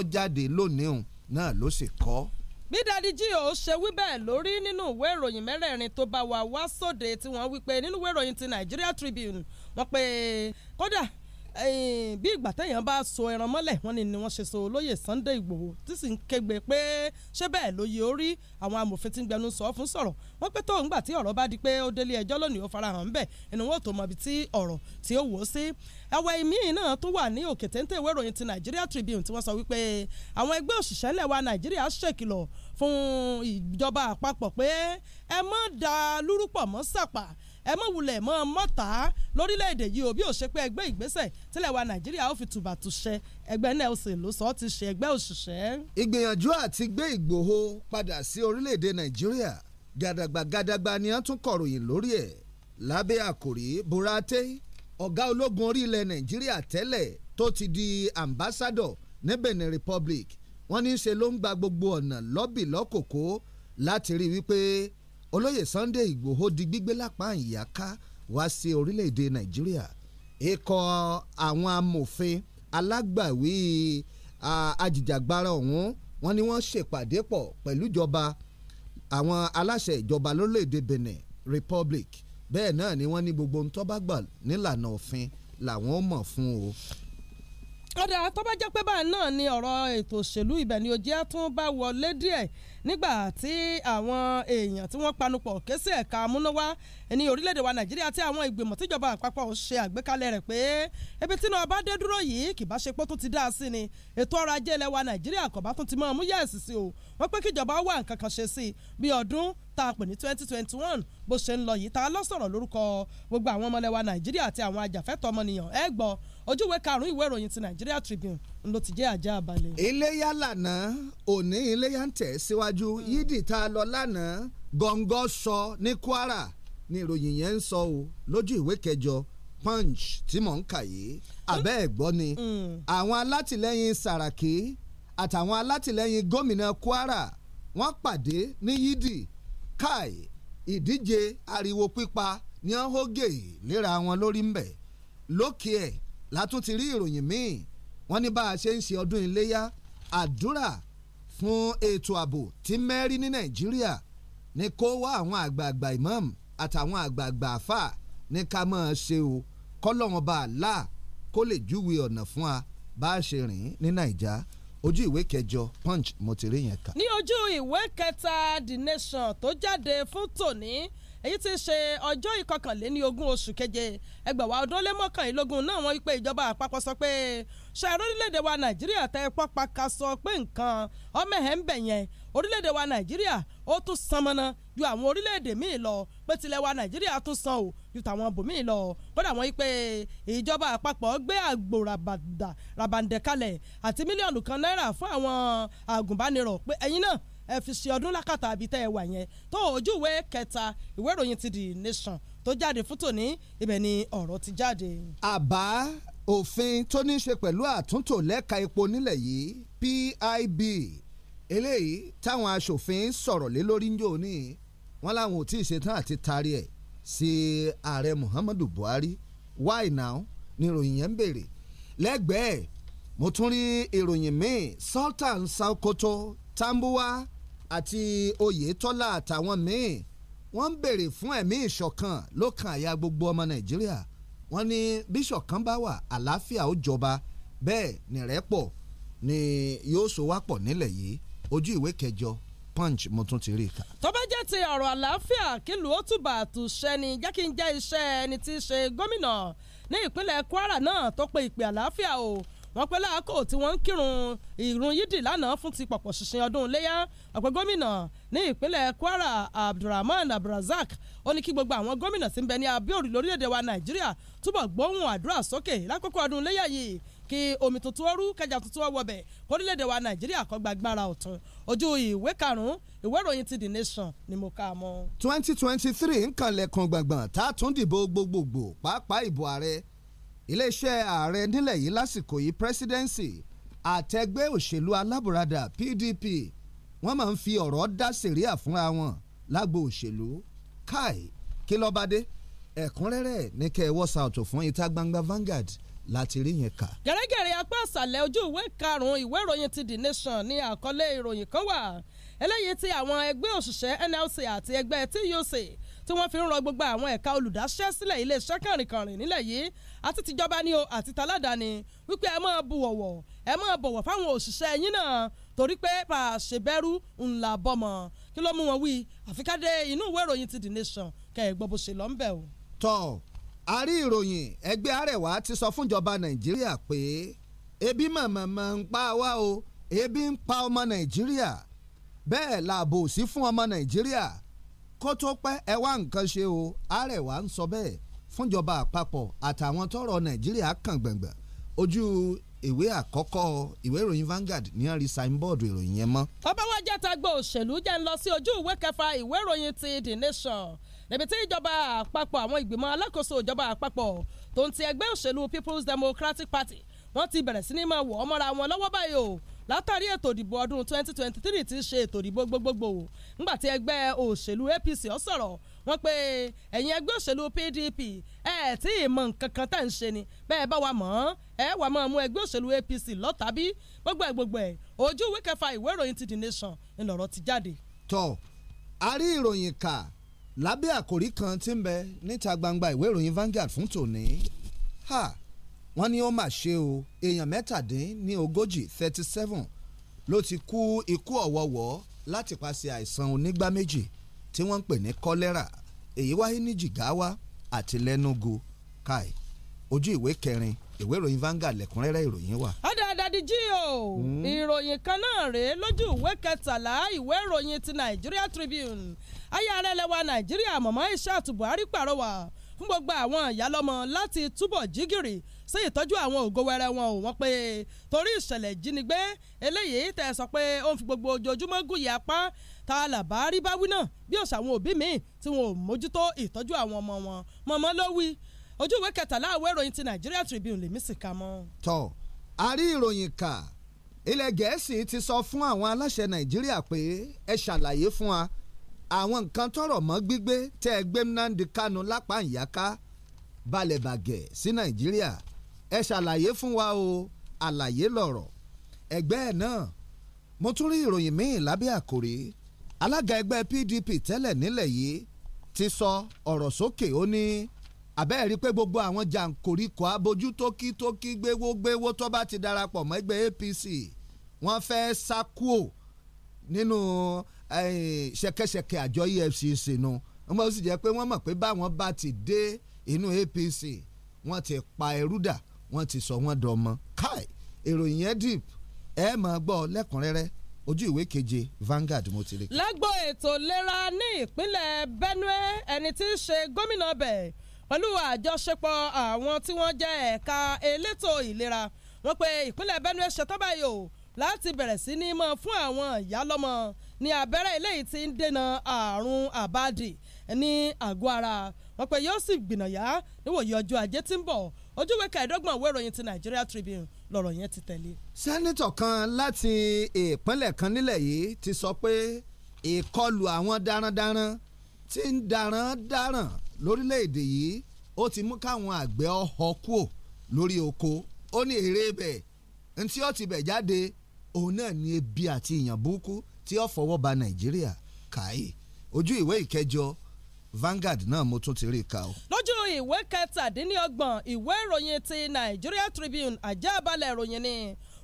lónìí náà ló sì kọ́ bí dadi G.O ṣe wí bẹ́ẹ̀ lórí nínú ìwé ìròyìn mẹ́rẹ̀ẹ̀rin tó bá wa wá sóde tí wọ́n wí pé nínú ìwé ìròyìn ti Nigeria Tribune wọ́n pé kódà bí ìgbà téèyàn bá so ẹran mọ́lẹ̀ wọ́n ní ni wọ́n ṣe so olóyè Sunday Ìgbòho tí sì ń kégbe pé ṣé bẹ́ẹ̀ lóye orí àwọn amòfin tí ń gbẹnu sọ fún sọ̀rọ̀ wọ́n pé tó ń gbà tí ọ̀rọ̀ bá di pé ó délé ẹjọ́ lónìí ó farahàn ń bẹ̀ ẹnu wọn ò tó mọbi tí ọ̀rọ̀ tí ó wò ó sí. ẹwẹ́ ìmíì náà tún wà ní òkè téńté ìwé ìròyìn ti Nigeria Tribune tí wọ́n sọ wípé àwọn ẹgbẹ́ òṣìṣẹ́ ńlẹ̀ wa Nigeria ṣèkìlọ̀ fún ìjọba àpapọ̀ pé ẹ má da lúrúpọ̀ mọ́ sàpà ẹ mọ̀ wulẹ̀ mọ́ mọ́ta lórílẹ̀‐èdè yìí o bí ò ṣe pé ẹgbẹ́ ìgbésẹ̀ tílẹ̀ wa nàìjíríà ó fi tùbà tù ṣẹ ẹgbẹ́ NLC ló sọ ti ṣe ẹgbẹ́ òṣìṣẹ́. ìgbìyànjú àti gbé Ìgbòho padà sí orílẹ̀‐èdè nàìjíríà gàdàgbà gàdàgbà ni wọ́n tún kọ̀ròyìn lórí ẹ̀ lábẹ́ àkòrí burate ọ̀gá ológun orí ilẹ̀ nàìjíríà tẹ́lẹ̀ tó ti di ambassador ní Benin Republic wọ́n ní í ṣe ló ń gba gbogbo ọ̀nà lọ́bì lọ́kòkó láti rí wípé olóyè Sunday Ìgbòho di gbígbé lápá ìyáká wá sí orílẹ̀-èdè Nàìjíríà ikọ̀ àwọn amòfin alágbàwí ajìjàgbara ọ̀hún wọ́n ní wọ́n ṣèpàdé pọ̀ pẹ̀lú ìjọba àwọn aláṣẹ ìjọba lórílẹ̀‐èdè Benin Republic bẹ́ẹ̀ náà ni wọ́n ní gbogbo ohun tó bá gbà nílànà òfin làwọn ó mọ̀ fún o. ọ̀dà tó bá jẹ́ pé báyìí náà ni ọ̀rọ̀ ètò òṣèlú ibẹ̀ ni ó jẹ́ tún bá wọlé díẹ̀ nígbà tí àwọn èèyàn tí wọ́n panupọ̀ ké sí ẹ̀ka amúnáwá ní orílẹ̀-èdè wa nàìjíríà tí àwọn ìgbìmọ̀ tíjọba àpapọ̀ ṣe àgbékalẹ̀ rẹ̀ pé ebi tí náà bá dé dúró yìí kì bá ṣe pé tó ti dá a sí ni ètò ọrọ̀ ajé ilẹ̀ wa nàìjíríà kò bá tún ti máa mú yẹ̀sì sí o wọ́n pé kíjọba wà nǹkan kan ṣe sí i bí ọdún tá a pè ní twenty twenty one bó ṣe ń lọ yìí tá a lọ sọ̀rọ̀ lórúkọ gbogbo àwọn ọmọlẹ́wà nàìjíríà àti àwọn ajàfẹ́tọ̀ọ́ ọmọnìyàn ẹ gbọ́ ojúwe karùn-ún ìwé ìròyìn ti Nigeria Tribune ló ti jẹ́ àjà àbálẹ̀. iléyà lànà òní iléyà ń tẹ̀ síwájú hmm. yídì tá a lọ lánàá gọ́ngọ́ sọ ní Kwara ni ìròyìn yẹn ń sọ o lójú ìwé kẹjọ punch tí mò ń kà yìí abẹ́ ẹ̀ gbọ́ ni hmm. àwọn alátìlẹ́yìn Sàràkí àtàwọn alátìlẹ́yìn gómìnà Kwara wọ́n pàdé ní yídì káì ìdíje ariwo pípa ní ọ̀hógè léra wọn lórí ń bẹ̀ lókè ẹ̀ látún ti rí ìròyìn míì wọ́n ní bá a ṣe ń ṣe ọdún iléyà àdúrà fún ètò ààbò tí mẹ́rí ní nàìjíríà ní kó wá àwọn àgbààgbà imam àtàwọn àgbààgbà àfà ní ká máa ṣe o kọ́lọ́wọ́n bá a là kó lè júwe ọ̀nà fún wa bá a ṣe rìn ní nàìjà ojú ìwé kẹjọ punch mo ti rí yẹn kà. ní ojú ìwé kẹta the nation tó jáde fún tòní èyí tí ṣe ọjọ́ ìkọkànléní ogún oṣù keje ẹgbẹ̀wá ọdún lé mọ́kànlélógún náà wọ́n wípé ìjọba àpapọ̀ sọ pé ṣàìrò orílẹ̀-èdè wa nàìjíríà tẹ ẹ pápá ka sọ pé nǹkan ọmọ ẹ̀ ń bẹ̀ yẹn orílẹ̀-èdè wa nàìjíríà ó tún san mọ́nà ju àwọn orílẹ̀-èdè míì lọ pé tilẹ̀ wa nàìjíríà tún san o ju tàwọn bòmíì lọ kódà wọ́n yí pé ìjọba àpapọ̀ gbé àgbò ràbàǹdẹ̀ kalẹ̀ àti mílíọ̀nù kan náírà fún àwọn àgùnbánirọ̀ pé ẹ̀yin náà ẹ fi ṣe ọdún lákàtà àbí tẹ́ ẹ wà yẹn tó ojú ìwé kẹta ìwé ìròyìn ti The Nation tó jáde fún tòní ibẹ̀ ni ọ̀rọ̀ ti jáde. àbá òfin tó ní í ṣe pẹ̀lú àtúntò lẹ́ka epo nílẹ̀ yìí PIB eléyìí táwọn aṣòfin sọ̀rọ̀ lé lórí ń jò ní wọn láwọn ò tí ì ṣetán àti taari ẹ̀ sí ààrẹ Muhammadu Buhari why now ni ìròyìn yẹn ń béèrè lẹ́gbẹ̀ẹ́ mo tún rí ìròyìn míì Sultan Sokoto Tambuwa àti Oyetola àtàwọn míì wọ́n ń béèrè fún ẹ̀mí ìṣọ̀kan lọ́kàn àyà gbogbo ọmọ Nàìjíríà wọ́n ní bíṣọ̀ kan bá wà àlàáfíà ó jọba bẹ́ẹ̀ nìrẹ́pọ̀ ni yóò so wá pọ̀ nílẹ̀ yìí ojú ìwé kẹjọ punch mo tún ti rí i kà. tó bá jẹ́ ti ọ̀rọ̀ àlàáfíà kílùú ó túbà àtúnṣe ni jẹ́ kí n jẹ́ iṣẹ́ ẹni tí í ṣe gómìnà ní ìpínlẹ̀ Kwara náà tó pe ìpè àlàáfíà o wọ́n pẹ́ láàkó tí wọ́n ń kírun ìrun yídì lánàá fún ti pọ̀pọ̀ ṣìnṣìn ọdún iléyà ọ̀pẹ́ gómìnà ní ìpínlẹ̀ Kwara Abdulrahman Abdulrazak ó ní kí gbogbo àwọn gómìnà tí ń bẹ ní abẹ́òrì lórílẹ̀ wa Nàìjíríà túbọ̀ gbóhùn àdúrà sókè lákòókò ọdún iléyà yìí kí omi tuntun ooru kẹjà tuntun ọwọbẹ kórílẹ̀ wa Nàìjíríà kó gbàgbára ọ̀tún ojú ìwé karùn ìwé ìròyìn ti The Nation ni mo kà á twenty twenty three ń gbàngbàn tá a tún dìbò gbogbogbò pàápàá ìbò ààrẹ iléeṣẹ́ ààrẹ nílẹ̀ yìí lásìkò yìí presidency àtẹgbẹ́ òṣèlú alábùradà PDP wọ́n máa ń fi ọ̀rọ̀ dá sẹ̀ríà fúnra wọn lágbo òṣèlú káì kí lọ́ba dé ẹ̀kúnrẹ́rẹ́ ní kẹ́ ẹ wọ́sàtò fún ìta gbangba Vanguard láti rí yẹn kà. gẹ̀rẹ́gẹ̀rẹ́ apá àṣàlẹ̀ ojú ìwé karùn-ún ìwé ìròyìn ti The Nation ní àkọlé ìròyìn kan wà eléyìí tí àwọn ẹgbẹ́ òṣìṣẹ́ NLC àti ẹgbẹ́ TUC tí wọ́n fi ń rọ gbogbo àwọn ẹ̀ka olùdáṣẹ́ sílẹ̀ iléeṣẹ́ kànrìnkànrìn nílẹ̀ yìí àti tìjọba ni o àti taládàáni wípé ẹ máa bu ọ̀wọ̀ ẹ máa bọ̀wọ̀ fáwọn òṣìṣẹ́ yín náà torí pé pàṣẹbẹ́rú ńlá bọ́mọ kí ló mú wọn wí àfikádé inú ìwé ìròyìn ti The Nation kẹ́ ẹ̀ gbọ́ bó ṣe lọ ń bẹ̀ o. tọ́ a ìròyìn ẹgbẹ́ Arẹwà ti sọ fúnjọba Nàìjíríà pé ebi mọ̀mọ̀mọ̀ ń pa wá o ebi ń pa ọmọ Nàìjíríà bẹ́ẹ̀ làbò sí fún ọmọ Nàìjíríà kó tó pẹ́ ẹ wá nǹkan ṣe o Arẹwà ń sọ bẹ́ẹ̀ fúnjọba àpapọ̀ àtàwọn tọrọ Nàìjíríà kàn gbẹ̀ngbẹ̀ ojú ìwé àkọ́kọ́ ìwé ìròyìn Vanguard ní àrí signboard ìròyìn yẹn mọ́. ọba wa jẹ́ ta gbọ́ òṣèlú jẹ́ ń lọ sí ojú ìwé kẹfà ìwé ìròyìn ti The Nation níbi tí ìjọba àpapọ̀ àwọn ìgbìmọ̀ alákòóso ìjọba àpapọ̀ tó ń ti ẹgbẹ́ òṣèlú People's Democratic Party wọ́n ti bẹ̀rẹ̀ sí ní máa wọ̀ ọ́ mọ́ra wọn lọ́wọ́ báyìí o látàrí ètò ìdìbò ọdún 2023 ti ṣe ètò ìdìbò gbogbogbò ńgbà tí ẹgbẹ́ òṣèlú APC ó sọ̀rọ̀ wọ́n pé ẹ̀yin ẹgbẹ́ òṣèlú PDP ẹ ẹ̀ tí ì mọ nǹkan kan tá à ń ṣe ni bẹ́ẹ̀ bá wa mọ̀ ọ́n ẹ wà máa mú ẹgbẹ́ òṣèlú APC lọ́tà bí gbogbo ẹ̀ gbogbo ẹ̀ ojú ìwé kẹfà ìwé ìròyìn ti The Nation ńlọrọ̀ ti jáde. tọ́ a rí ìròyìn kà lábẹ́ àkòrí kan tí ń bẹ níta gbangba ìwé ìròyìn Vanguard fún tòní wọ́n ní ó mà ṣe o èèyàn mẹ́tàdínní ogójì thirty seven ló ti kú ikú ọ̀wọ́wọ́ láti paṣẹ àìsàn onígbá méjì tí wọ́n ń pè ní kọ́lẹ́rà èyí wáyé ní Jigawa àti lẹ́nugu kai ojú ìwé kẹrin ìwé ìròyìn Vanguard lẹ́kùnrẹ́rẹ́ ìròyìn wà. ó dáadáa di jí o hmm. ìròyìn kan náà rèé lójú ìwé kẹtàlá ìwé ìròyìn ti Nigeria Tribune ayárẹ́lẹ́wà Nigeria mọ̀mọ́ Aishat Buhari pàrọwà fún gbogbo àwọn ìyálọ́mọ láti túbọ̀ jígìrì sí ìtọ́jú àwọn ògo wẹrẹ wọn ò wọ́n pé torí ìṣẹ̀lẹ̀ ìjínigbé eléyìí tẹ̀ sọ pé ó ń fi gbogbo ojoojúmọ́ gùyà apá tá a là bá rí bá wí náà bí òṣà àwọn òbí mi tí wọn ò mójútó ìtọ́jú àwọn ọmọ wọn mọ̀mọ́ ló wí ojú ìwé kẹtàlá àwọ ìròyìn ti Nigeria Tribune lèmi sì ka mọ́. tọ a rí ìròyìn kà ilẹ̀ gẹ̀ẹ́sì ti sọ fún àwọn aláṣẹ nàìjíríà pé ẹ ṣàlàyé fún wa àwọn nǹkan tọrọ mọ́ gbígbé tẹ́ ẹ gbé Nnamdi Kanu lápá ìyáká balẹ̀ bàgẹ́ sí nàìjíríà ẹ ṣàlàyé fún wa o àlàyé lọ̀rọ̀ ẹgbẹ́ ẹ̀ náà mo tún rí ìròyìn míì lábẹ́ àkòrí alága ẹgbẹ́ PDP tẹ́lẹ̀ nílẹ̀ yìí ti sọ ọ̀rọ̀ sókè ó ní àbẹ́ẹ̀rí pé gbogbo àwọn jàǹkóríkò abojú tókítókí gbéwógbéwó tó bá ti darapọ̀ mọ́ ẹgbẹ́ APC wọ́n fẹ́ sákúò nínú ṣẹ̀kẹ̀ṣẹ̀kẹ̀ àjọ EFCC nu wọ́n sì jẹ́ pé wọ́n mọ̀ pé báwọn bá ti dé inú APC wọ́n ti pa ẹrú dà wọ́n ti sọ wọ́n dọmọ káì ìròyìn yẹn deep ẹ máa gbọ́ lẹ́kùnrẹ́rẹ́ ojú ìwé keje Vanguard mo ti rí. lágbo ètò ìlera ní ìpínlẹ̀ Benue ẹni tí í ṣe gómìnà bẹ̀ pẹ̀lú àjọṣepọ̀ àwọn tí wọ́n jẹ́ ẹ̀ka elétò ìlera wọ́n pe ìpínlẹ̀ Benue ṣetán báyìí o láti bẹ̀rẹ̀ sí ní mọ́ fún àwọn ìyálọ́mọ ní abẹ́rẹ́ eléyìí tí ń dènà àrùn àbádì ní àgọ́ ara wọ́n pe yóò sì gbìnàyà níwòye ọjọ́ ajé tí ń bọ̀ ojúwe kẹẹ̀ẹ́dọ́gbọ̀n ìwé ìròyìn ti Nigeria Tribune lọ́rọ̀ yẹn ti tẹ̀lé. sẹ́nitọ̀ kan láti ìpínlẹ̀ kan nílẹ̀ yìí ti sọ pé ìkọlù àwọn darandaran tí ń darandaran lórílẹ̀‐èdè yìí ó ti mú káwọn àgbẹ̀ ọ̀họ́ kúò lórí oko ó ní èrè bẹ̀ ntí ó ti bẹ̀ jáde òun náà ní ebi àti ìyàn burúkú tí ó fọwọ́ ba Nàìjíríà kàí ojú ìwé ìkẹjọ Vanguard náà mo tún ti rí i ka o. lójú ìwé kẹtàdínlọ́gbọ̀n ìwé ìròyìn ti Nigeria Tribune àjàbalẹ̀ ìròyìn ni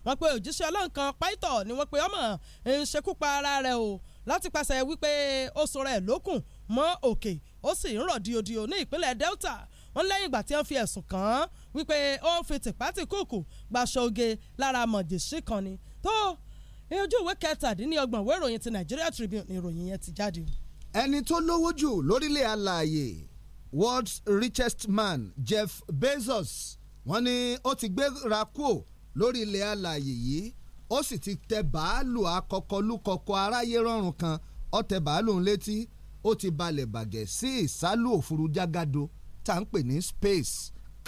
wọ́n pe òjíṣẹ́ ọlọ́run pító ni wọ́n pe ọmọ ń ṣekúpa ara rẹ̀ o láti pàṣẹ wípé ó sọ rẹ̀ lókùn mọ́ òkè ó sì ń rọ̀ diodio ní ìpínlẹ̀ Delta wọ́n lẹ́yìn ìgbà tí wọ́n fi ẹ̀sùn kàn án wípé ó ń fi tìpátìkùkù gbaṣọ oge lára mọ̀jèṣí kan ni tó ojú ìwé kẹtàdínlọ́gbọ̀n ìròyìn ti Nigeria Tribune ìròyìn yẹn ti jáde ẹni tó lówó jù lórílẹ̀ alààyè world's richest man Jeff Bezos wọ́n ní ó ti gbéra kúò lórí ilẹ̀ alààyè yìí ó sì ti tẹ bàálù akọkọlúkọkọ aráyé rọrùn kan ó tẹ bàálù ń létí ó ti balẹ̀ bàgẹ́ sí ìsálú òfurufú jágado tá à pè ní space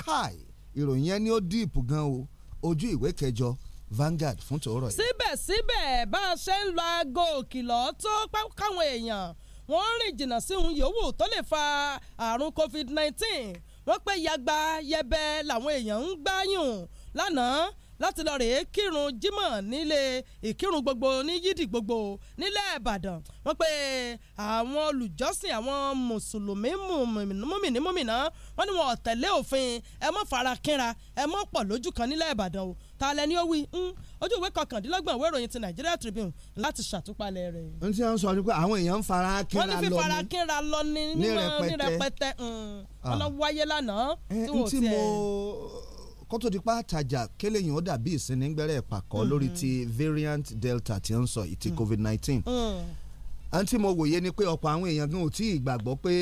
kai ìròyìn yẹn ni ó díìpù gan o ojú ìwé kẹjọ Vanguard fún tòórọ yìí. síbẹ̀síbẹ̀ bá a ṣe ń lo aago òkìlọ̀ tó káwọn èèyàn wọ́n rìn jìnnà sí ohun yòówù tó lè fa àrùn COVID-19 wọ́n pé yagba yẹbẹ làwọn èèyàn ń gbáyùn lánàá láti lọ rèé kírun jímọ̀ nílé ìkírun gbogbo ní yídì gbogbo nílẹ̀ ìbàdàn wọ́n pé àwọn olùjọ́sìn àwọn mùsùlùmí múmìnímúmìná wọ́n ní wọn ò tẹ̀lé òfin ẹ mọ́ farakínra ẹ mọ́ pọ̀ lójú kan nílẹ̀ ìbàdàn o ta lẹni ó wí hmm, ojú ìwé kọkàndínlọ́gbọ̀n ìwé ìròyìn ti Nigeria Tribune láti ṣàtúpalẹ̀ rẹ̀. n tí wọ́n sọ ni pé àwọn èèyàn ń fara kínra lọ ni wọ́n ní fi fara kínra lọ ni ní rẹpẹtẹ hmm, ah. ọlọ́wáyé lánàá eh, tí wọ́n ti ẹ̀. kótó tipa kélé yìí ó dàbí ìsinigbẹ́rẹ́ ìpàkọ́ mm-hmm. lórí ti variant delta ti ó ń sọ ìti mm. covid nineteen. àǹtí mm. mo wòye ni pé ọ̀pọ̀ àwọn èèyàn gan ò tí ì gbàgbọ́ pé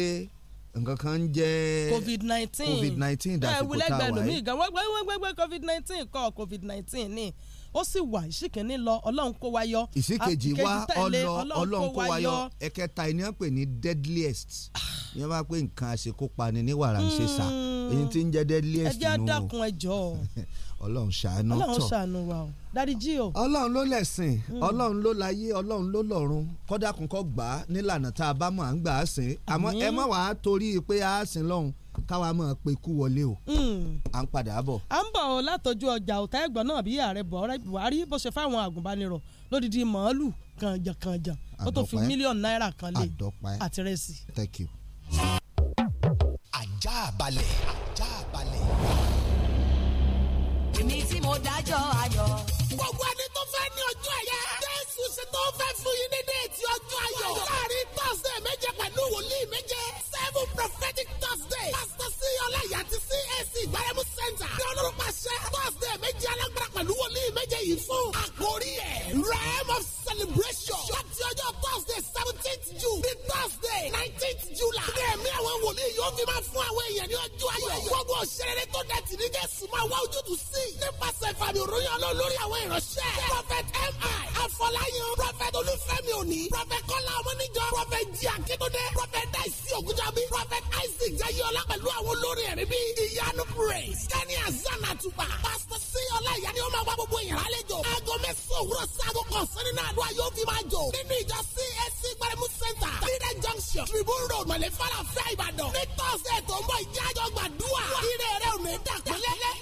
nǹkan kan ń jẹ́ covid nineteen covid nineteen dàsìkò tá a wà yìí. ẹ wulẹ̀ gbẹ̀lú mi covid nineteen kọ́ covid nineteen ni ó sì wà ìsìkìní lọ ọlọ́run kó wa yọ. ìsìkejì wa ọlọ ọlọ́run kó wa yọ ẹ̀kẹta ẹni à ń pè ní deadliest ah. ìyẹn bá pé nǹkan àṣekópa ni ní wàrà ń ṣe sá hmm. èyí tí ń jẹ deadliest nù. ẹ jẹ́ àdàkùn ẹjọ́ ọlọ́run ṣàánú tọ̀ ọlọ́run ṣàánú wa o dáríjì o. ọlọ́run ló lẹ̀sìn mm. ọlọ́run ló láyé ọlọ́run ló lọ́run kọ́dákun kọ́ gbà á nílànà tá a bá mọ̀ à ń gbà á sìn àmọ́ ẹ má wàá torí pé a sìn lọ́hùn káwa máa pe kú wọlé o. Mm. à ń padà bọ̀. à ń bọ̀ ọ́ látọjú ọjà ọ̀tá ẹ̀gbọ́n náà bí ààrẹ Buhari bó ṣe fáwọn àgùnbánirọ̀ lódìdí màálù kànjàkànjà ó tó fi mílíọ̀nù náírà kan lé àtìrẹsì. thank you. ajá balẹ̀ èmi tí mo dájọ́ ayọ̀. gbogbo ẹni tó fẹ́ ní ọjọ́ ẹ̀yẹ. jésù ṣe tó fẹ́ fún yín ní déètì ọjọ́ ayọ̀. láàrin tọ́sídẹ̀ méje pẹ̀lú wòlíì méje. seven prophetic thursday. pásítọ̀ sí ọláyà ti CAC ìgbàlẹ́mú center. ní olórúkọ àṣẹ. tọ́sídẹ̀ méje alágbára pẹ̀lú wòlíì méje yìí fún. àkórí ẹ̀ rhyme of celebration láti ọjọ́ thursday seventeenth june ní thursday nineteenth july. ilé ẹ̀mí àwọn wòlíì yóò fi máa fún àwọn èèyàn ní ọjọ́ ayọ̀. gbogbo òṣèré tó dẹ̀ tì ní kẹ́sù máa wá ojútùú sí. nípasẹ̀ ìfàmì òròyìn ọlọ́run lórí àwọn ìránṣẹ́. prophet mi afọláyan prophet olúfẹ́mi òní prophet kọ́lá ọmọníjọ prophet jí akíndúndé prophet daisy ògúnjọbí prophet isaac jayọlá pẹ̀lú àwọn olórí ẹ̀rí bíi ìyanu praise kẹ́ni azana tuba pastor sí ọlá ìyá ni ó máa wá gbogbo ìyàrá àlejò aago mẹ́sàn-án òwúrọ̀ sí aago kan sẹ́ni náà ló ayọ́ fi máa jò nínú nínú ìjọ CAC gbaremu center three junction tribune road mọ̀lẹ́fàlà fẹ́ ìbàdàn ní tọ́sídẹ̀ẹ́ tó ń bọ̀ ìjájọ́ gbàdúrà ire rẹ̀ ò ní dàgbà lẹ́lẹ́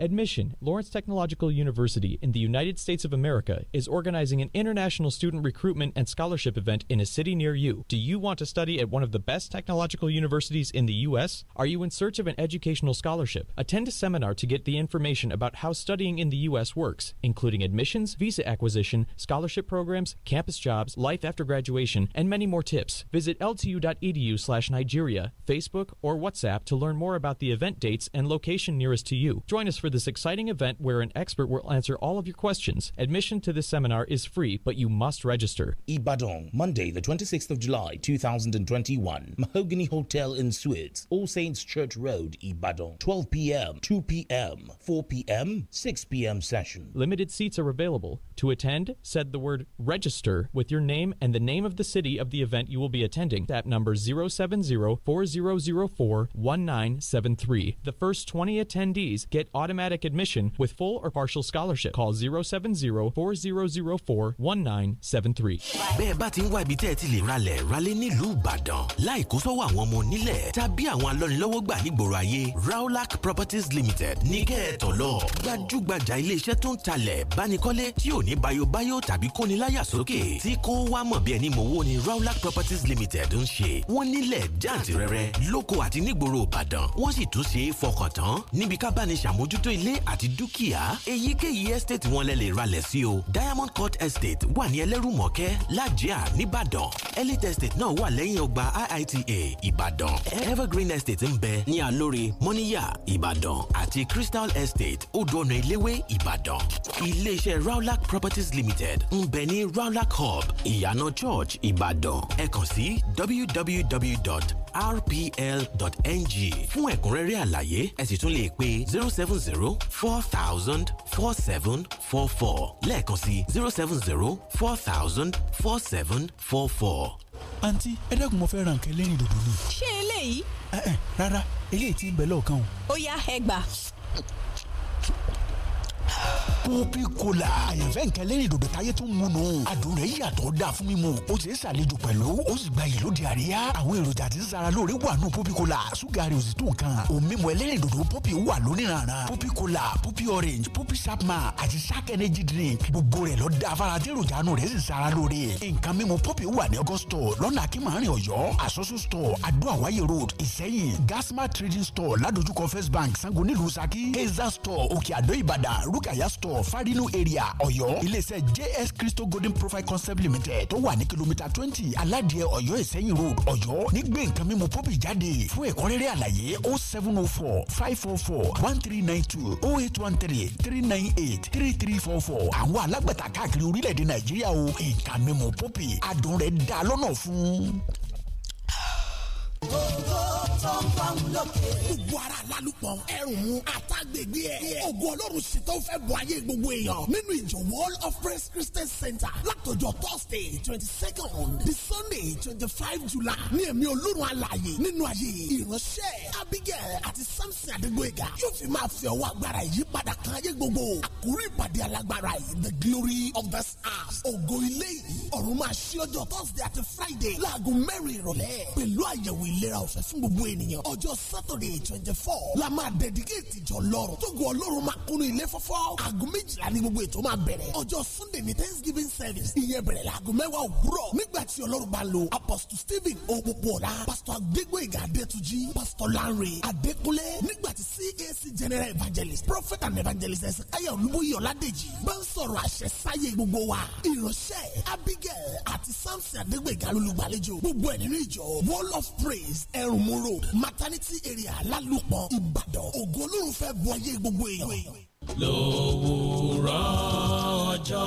Admission Lawrence Technological University in the United States of America is organizing an international student recruitment and scholarship event in a city near you. Do you want to study at one of the best technological universities in the U.S.? Are you in search of an educational scholarship? Attend a seminar to get the information about how studying in the U.S. works, including admissions, visa acquisition, scholarship programs, campus jobs, life after graduation, and many more tips. Visit ltu.edu slash Nigeria, Facebook, or WhatsApp to learn more about the event dates and location nearest to you. Join us for for this exciting event where an expert will answer all of your questions. Admission to this seminar is free, but you must register. Ibadan, Monday, the 26th of July, 2021. Mahogany Hotel in Suits, All Saints Church Road, Ibadan. 12 p.m., 2 p.m., 4 p.m., 6 p.m. session. Limited seats are available. To attend, said the word register with your name and the name of the city of the event you will be attending. That number 070 4004 1973. The first 20 attendees get automatic automatic admission with full or partial scholarship. Call 070-4004-1973. bẹ́ẹ̀ bá ti ń wá ibi tẹ́ ẹ ti lè ralẹ̀ ralẹ̀ nílùú Ìbàdàn láì sọ́wọ́ àwọn ọmọ onílẹ̀ tàbí àwọn alọ́nilọ́wọ́ gbà nígboro ayé Raulac Properties Limited ní kẹ́ẹ̀tọ́ lọ gbajúgbajà iléeṣẹ́ tó ń talẹ̀ bánikọ́lé tí ò ní bayobayo tàbí kóniláyà sókè tí kò wá mọ̀ bí ẹni mọ̀wó ni Raulac Properties Limited ń ṣe wọ́n nílẹ̀ jàǹtìrẹrẹ lóko àti nígboro Ìbàdàn wọ́n sì tún ṣe é fọkàn tán níbi ká bá ní ṣàmójútó ètò ilé àti dúkìá èyíkéyìí estate wọn lẹ lè ralẹ̀ sí o diamond court estate wà ní ẹlẹ́rùmọ̀kẹ́ lájà nìbàdàn elite estate náà wà lẹ́yìn ọgbà iita ìbàdàn evergreen estate ń bẹ ní alórí mọ́níyà ìbàdàn àti crystal estate odòọ̀nà ìléwé ìbàdàn iléeṣẹ́ rawlac properties limited ń bẹ ní rawlac hub ìyànà church ìbàdàn ẹ kàn sí www.rpl.ng fún ẹ̀kúnrẹ́rẹ́ àlàyé ẹ sì tún zero seven zero zero four thousand four seven four four lẹ́ẹ̀kan sí zero seven zero four thousand four seven four four. àǹtí ẹ dẹ́kun mo fẹ́ ra nǹkan lẹ́yìn dòdò ni. ṣé eléyìí. ẹ ẹ rárá eléyìí ti ń bẹ lọ́ọ̀kan o. ó yá ẹ kópì kola àyànfẹ́ nǹkan lẹ́yìn dòdò táyé tó ń múnú àdùn rẹ̀ yàtọ̀ dà fún mímu ó ṣe é ṣàlejò pẹ̀lú ó sì gba ìlóde àríyá àwọn èròjà tí ń sara lóore wà nù kópì kola ṣúgà rẹ̀ ò sì tó nǹkan òun mímu ẹlẹ́rìn dòdò pọ́pì wà lóníranran kópì kola kópì orange kópì sapma àti shark energy drink gbogbo rẹ̀ lọ da afárá tí èròjà nù rẹ̀ sì sara lóore nǹkan mímu pọ́pì wà ní augusto lọ́nà akínmọ́rin ọ̀yọ́ àsọ́sù store adó àwáyé road ìsẹ́yìn gasma trading store ládojúkọ first bank sango nílùú saki hazel store òkè àdó ìbàdàn r olùkàyà store farinu area ọ̀yọ́ iléeṣẹ́ js crystal golden profile concept limited tó wà ní kìlómítà twenty aládìẹ ọ̀yọ́ ìsẹ́yìn road ọ̀yọ́ ní gbé nǹkan mímu pọ́bì jáde fún ẹ̀kúnrẹ́rẹ́ àlàyé o oh seven o oh four five four four one three nine two o oh eight one three three nine eight three three four four àwọn alágbàtà káàkiri orílẹ̀-èdè nàìjíríà o nǹkan mímu pọ́bì adùn rẹ̀ dá lọ́nà fún gbogbo ara lálùpọ̀ ẹrù mu àtàgbègbè ẹ̀. ògo ọlọ́run sì tó fẹ́ bọ̀ ayé gbogbo èèyàn nínú ìjọ wall of praise christian center látọjọ́ thursday twenty second di sunday twenty five july ní ẹ̀mí olórun alààyè nínú ayé ìránṣẹ́ abigail àti samson adégbòyega yóò fi máa fi ọwọ́ agbára ìyípadà kan ayé gbogbo àkórí ìpàdé alágbára yìí the glory of this house ògo ilé yìí ọ̀run máa ṣí ọjọ́ thursday àti friday láago mẹ́rin ìrọ̀lẹ́ pẹ̀lú àyẹ̀wò ìlera ọ̀fẹ́ fún gbogbo ènìyàn ọjọ́ sátọ̀dẹ̀ twenty four la máa dẹ̀díkéètì jọ lọ́rùn tó gun ọlọ́run máa kunu ilé fọ́fọ́ aago méjìlá ni gbogbo ètò máa bẹ̀rẹ̀ ọjọ́ sunday ni thanksgiving service ìyẹn bẹ̀rẹ̀ láago mẹ́wàá òwúrọ̀ nígbà tí ọlọ́run bá lo apostle stephen opopola pastor adégbòyìgá adétúnjì pastor lanre adékúnlé nígbà tí cac general evangelist prophet and evangelist ẹ̀sìn káyọ̀ olúbóyè ọ̀làdèjì bá ń sọ̀rọ̀ àṣẹ sáyé gbogbo wa ìránṣẹ́ abigail àti samson adégbòyìgá lólùgbàlejò gbogbo ẹ̀ nínú of prayer grace ẹrùmú road maternity area lálùpọ̀ ìbàdàn ògo olórùn fẹ́ bu gbogbo èèyàn lówùrọ̀ ọjọ́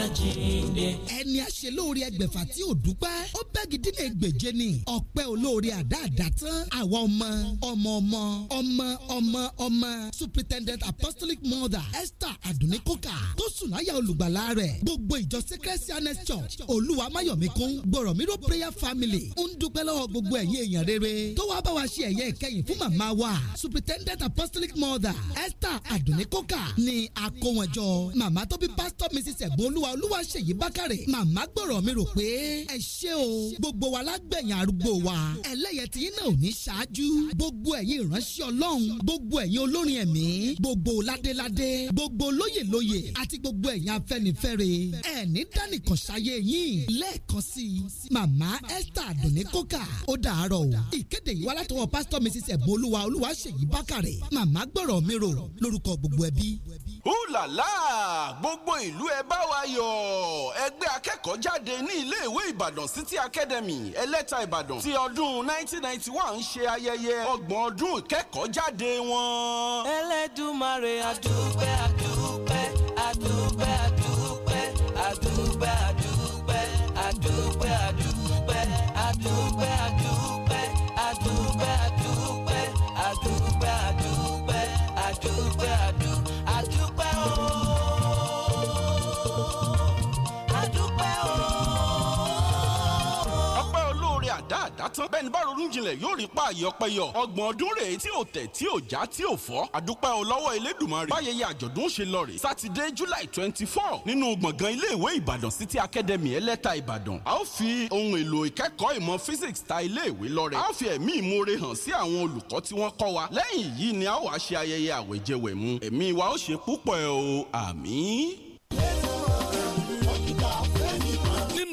àjíǹde. ẹni aṣelóore ẹgbẹ̀fà tí ò dúpẹ́ ó bẹ́gi dínà ẹgbẹ̀je ni ọ̀pẹ olóore àdáàdá tán àwa ọmọ ọmọ ọmọ ọmọ ọmọ ọmọ superintendent apostolic mother esther adunikóka tó sùn láyà olùgbàlà rẹ̀ gbogbo ìjọ secrecy church olúwa máyọ̀mí kún gbọ̀rọ̀míró prayer family ń dúpẹ́ lọ́wọ́ gbogbo ẹ̀yin èèyàn rere tó wá bá wa ṣe ẹ̀yẹ ìkẹyìn fún màmá wa superintendent apostolic mother esther adunikóka kókà ni àkówọ̀njọ màmá tó bí pásítọ̀ mrs ẹ̀gbọ́n olúwa olúwa ṣèyí bákàrẹ̀ màmá gbọ́rọ̀ mi rò pé ẹ ṣé o gbogbo wa lágbẹ̀yìn arúgbó wa ẹlẹ́yẹ tí yín náà ò ní ṣáájú gbogbo ẹ̀yin ìránṣẹ́ ọlọ́run gbogbo ẹ̀yin olórin ẹ̀mí gbogbo ládéládé gbogbo lóyèlóyè àti gbogbo ẹ̀yin afẹ́nifẹ́re ẹ̀ní dánìkan ṣayé yín lẹ́ẹ̀kan sí i màmá esther adùnní kókà ó dàárọ̀ o ìkéde yìí wá látọwọ́ pásítọ̀ mrs ẹ̀gbọ́n olúwa olúwa ṣèyí bákàrẹ̀ màmá gbọ́rọ̀ mi rò lórúkọ gbogbo gbogbo ẹbí. húlàlà gbogbo ìlú ẹ bá wa yọ̀ ẹgbẹ́ akẹ́kọ̀ọ́ jáde ní iléèwé ìbàdàn city academy ẹlẹ́ta ìbàdàn ti ọdún 1991 ń ṣe ayẹyẹ ọgbọ̀n ọdún ìkẹ́kọ̀ọ́ jáde wọn. ẹlẹ́dùnmarè àdúpẹ́ àdúpẹ́ àdúpẹ́ àdúpẹ́ àdúpẹ́ àdúpẹ́ àdúpẹ́ àdúpẹ́ àdúpẹ́ àdúpẹ́. adúpẹ́ adú adúpẹ́ o. àdá àdá tán bẹ́ẹ̀ ni bá ronú jinlẹ̀ yóò rí pa àyè ọgbọ̀n ọdún rèé tí ò tẹ̀ tí ò já tí ò fọ́ àdúpẹ́ o lọ́wọ́ Elédùmarè báyẹyẹ àjọ̀dún ṣe lọ rè sátidé July twenty four nínú gbọ̀ngàn iléèwé Ìbàdàn City Academy ẹlẹ́ta Ìbàdàn a ó fi ohun èlò ìkẹ́kọ̀ọ́ ìmọ̀ physics ta iléèwé lọ́rẹ a ó fi ẹ̀mí ìmoore hàn sí àwọn olùkọ́ tí wọ́n kọ́ wa lẹ́yìn yìí ni a ó wá ṣe ayẹyẹ mu. ẹ̀mí wa ó ṣe púpọ̀ ẹ̀ o àmín.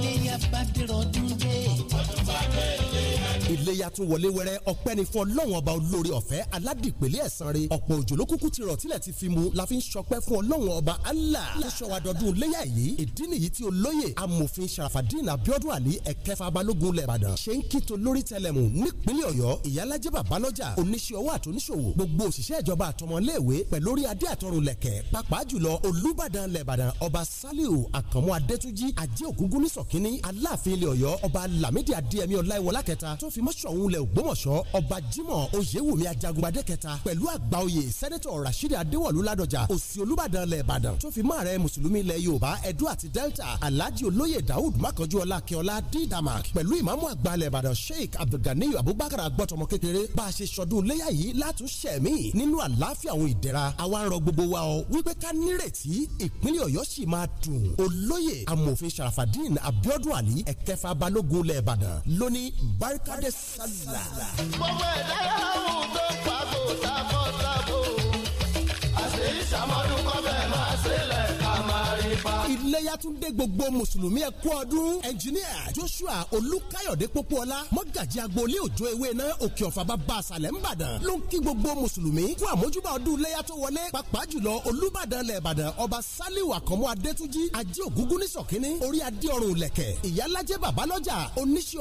léyà bá iléyà tún wọlé wẹrẹ ọpẹ́ ni fún ọlọ́run ọba olóore ọ̀fẹ́ aládìpẹ̀lẹ́ ẹ̀san re ọ̀pọ̀ òjò ló kúkú ti rọ̀ tílẹ̀ ti fi mu la fi ń sọpẹ́ fún ọlọ́run ọba Allah tó sọ wa dọdún iléyà yìí ìdí nìyí tí olóyè amòfin Sharafadeen Abiodun Ali ẹ̀kẹfà balógun lẹ́bàdàn ṣe ń kí tolórí tẹlẹmù nípínlẹ̀ ọ̀yọ́ ìyálàjẹ́ babalọ́jà oníṣẹ́ ọwọ́ àtúnṣòwò gbogbo òṣìṣẹ́ ìjọba àtọmọléèwé pẹ̀lú orí adé àtọrùn lẹ̀kẹ̀ pàápàá jùlọ olúbàdàn lẹ́bàdàn ọba saliu àkànmú adétúnjì ajé ògúngún nísọ̀kínní aláàfin ilẹ̀ ọ̀yọ́ lamidi adéyẹmí ọláìwọlá kẹta tó f fi mọ́ṣọ̀ òun lẹ̀ ògbómọ̀ṣọ́ ọba jimoh oyewumi ajagunbadé kẹta pẹ̀lú àgbà oyè sẹ́nẹ́tọ̀ rasheed adéwọ̀lú ládọjà òsì olúbàdàn lẹ̀ ìbàdàn tó fi máa rẹ mùsùlùmí ilẹ̀ yorùbá ẹdó àti delta alhaji olóyè daoud makanju ọlákẹ́ọ́lá dídàmàk pẹ̀lú ìmáàmù àgbà lẹ̀ ìbàdàn sheikh abdulganiyu abubakar agbọ́tọmọ kékeré bá a ṣe sọdún léyà yìí látún sẹ̀mí nínú àlàáfíà àwọn ìdẹ̀ra àwa ń rọ gbogbo wa ọ wípé ká nírètí ìpínlẹ̀ ọ̀yọ́ sì máa dùn olóyè amòfin sharafadin abiodun ali ẹ̀kẹfà balógun lẹ̀ ìbàdàn lónìí barikade Sunday Sallah. gbogbo ẹ̀dá yàrá òun tó pàgò tabọ́tabọ́ àṣẹ ìṣàmọ́dún kọ́fẹ́ máa ṣe lẹ́ka iléyà tún dé gbogbo mùsùlùmí ẹ kú ọdún ẹnjiníà joshua olùkàyọ̀dé pópóọlá mọ́gàjì agboolé òjò ewé náà òkè ọ̀fà bàbá àṣàlẹ̀ ńbàdàn ló ń kí gbogbo mùsùlùmí kú àmójúbà ọdún iléyà tó wọlé pàápàá jùlọ olùbàdàn lẹ̀bàdàn ọba saliu àkànmú adétúnjì ajé ògúngún ní sọ̀kínní orí adé ọrùn lẹ̀kẹ̀ ìyálàjẹ́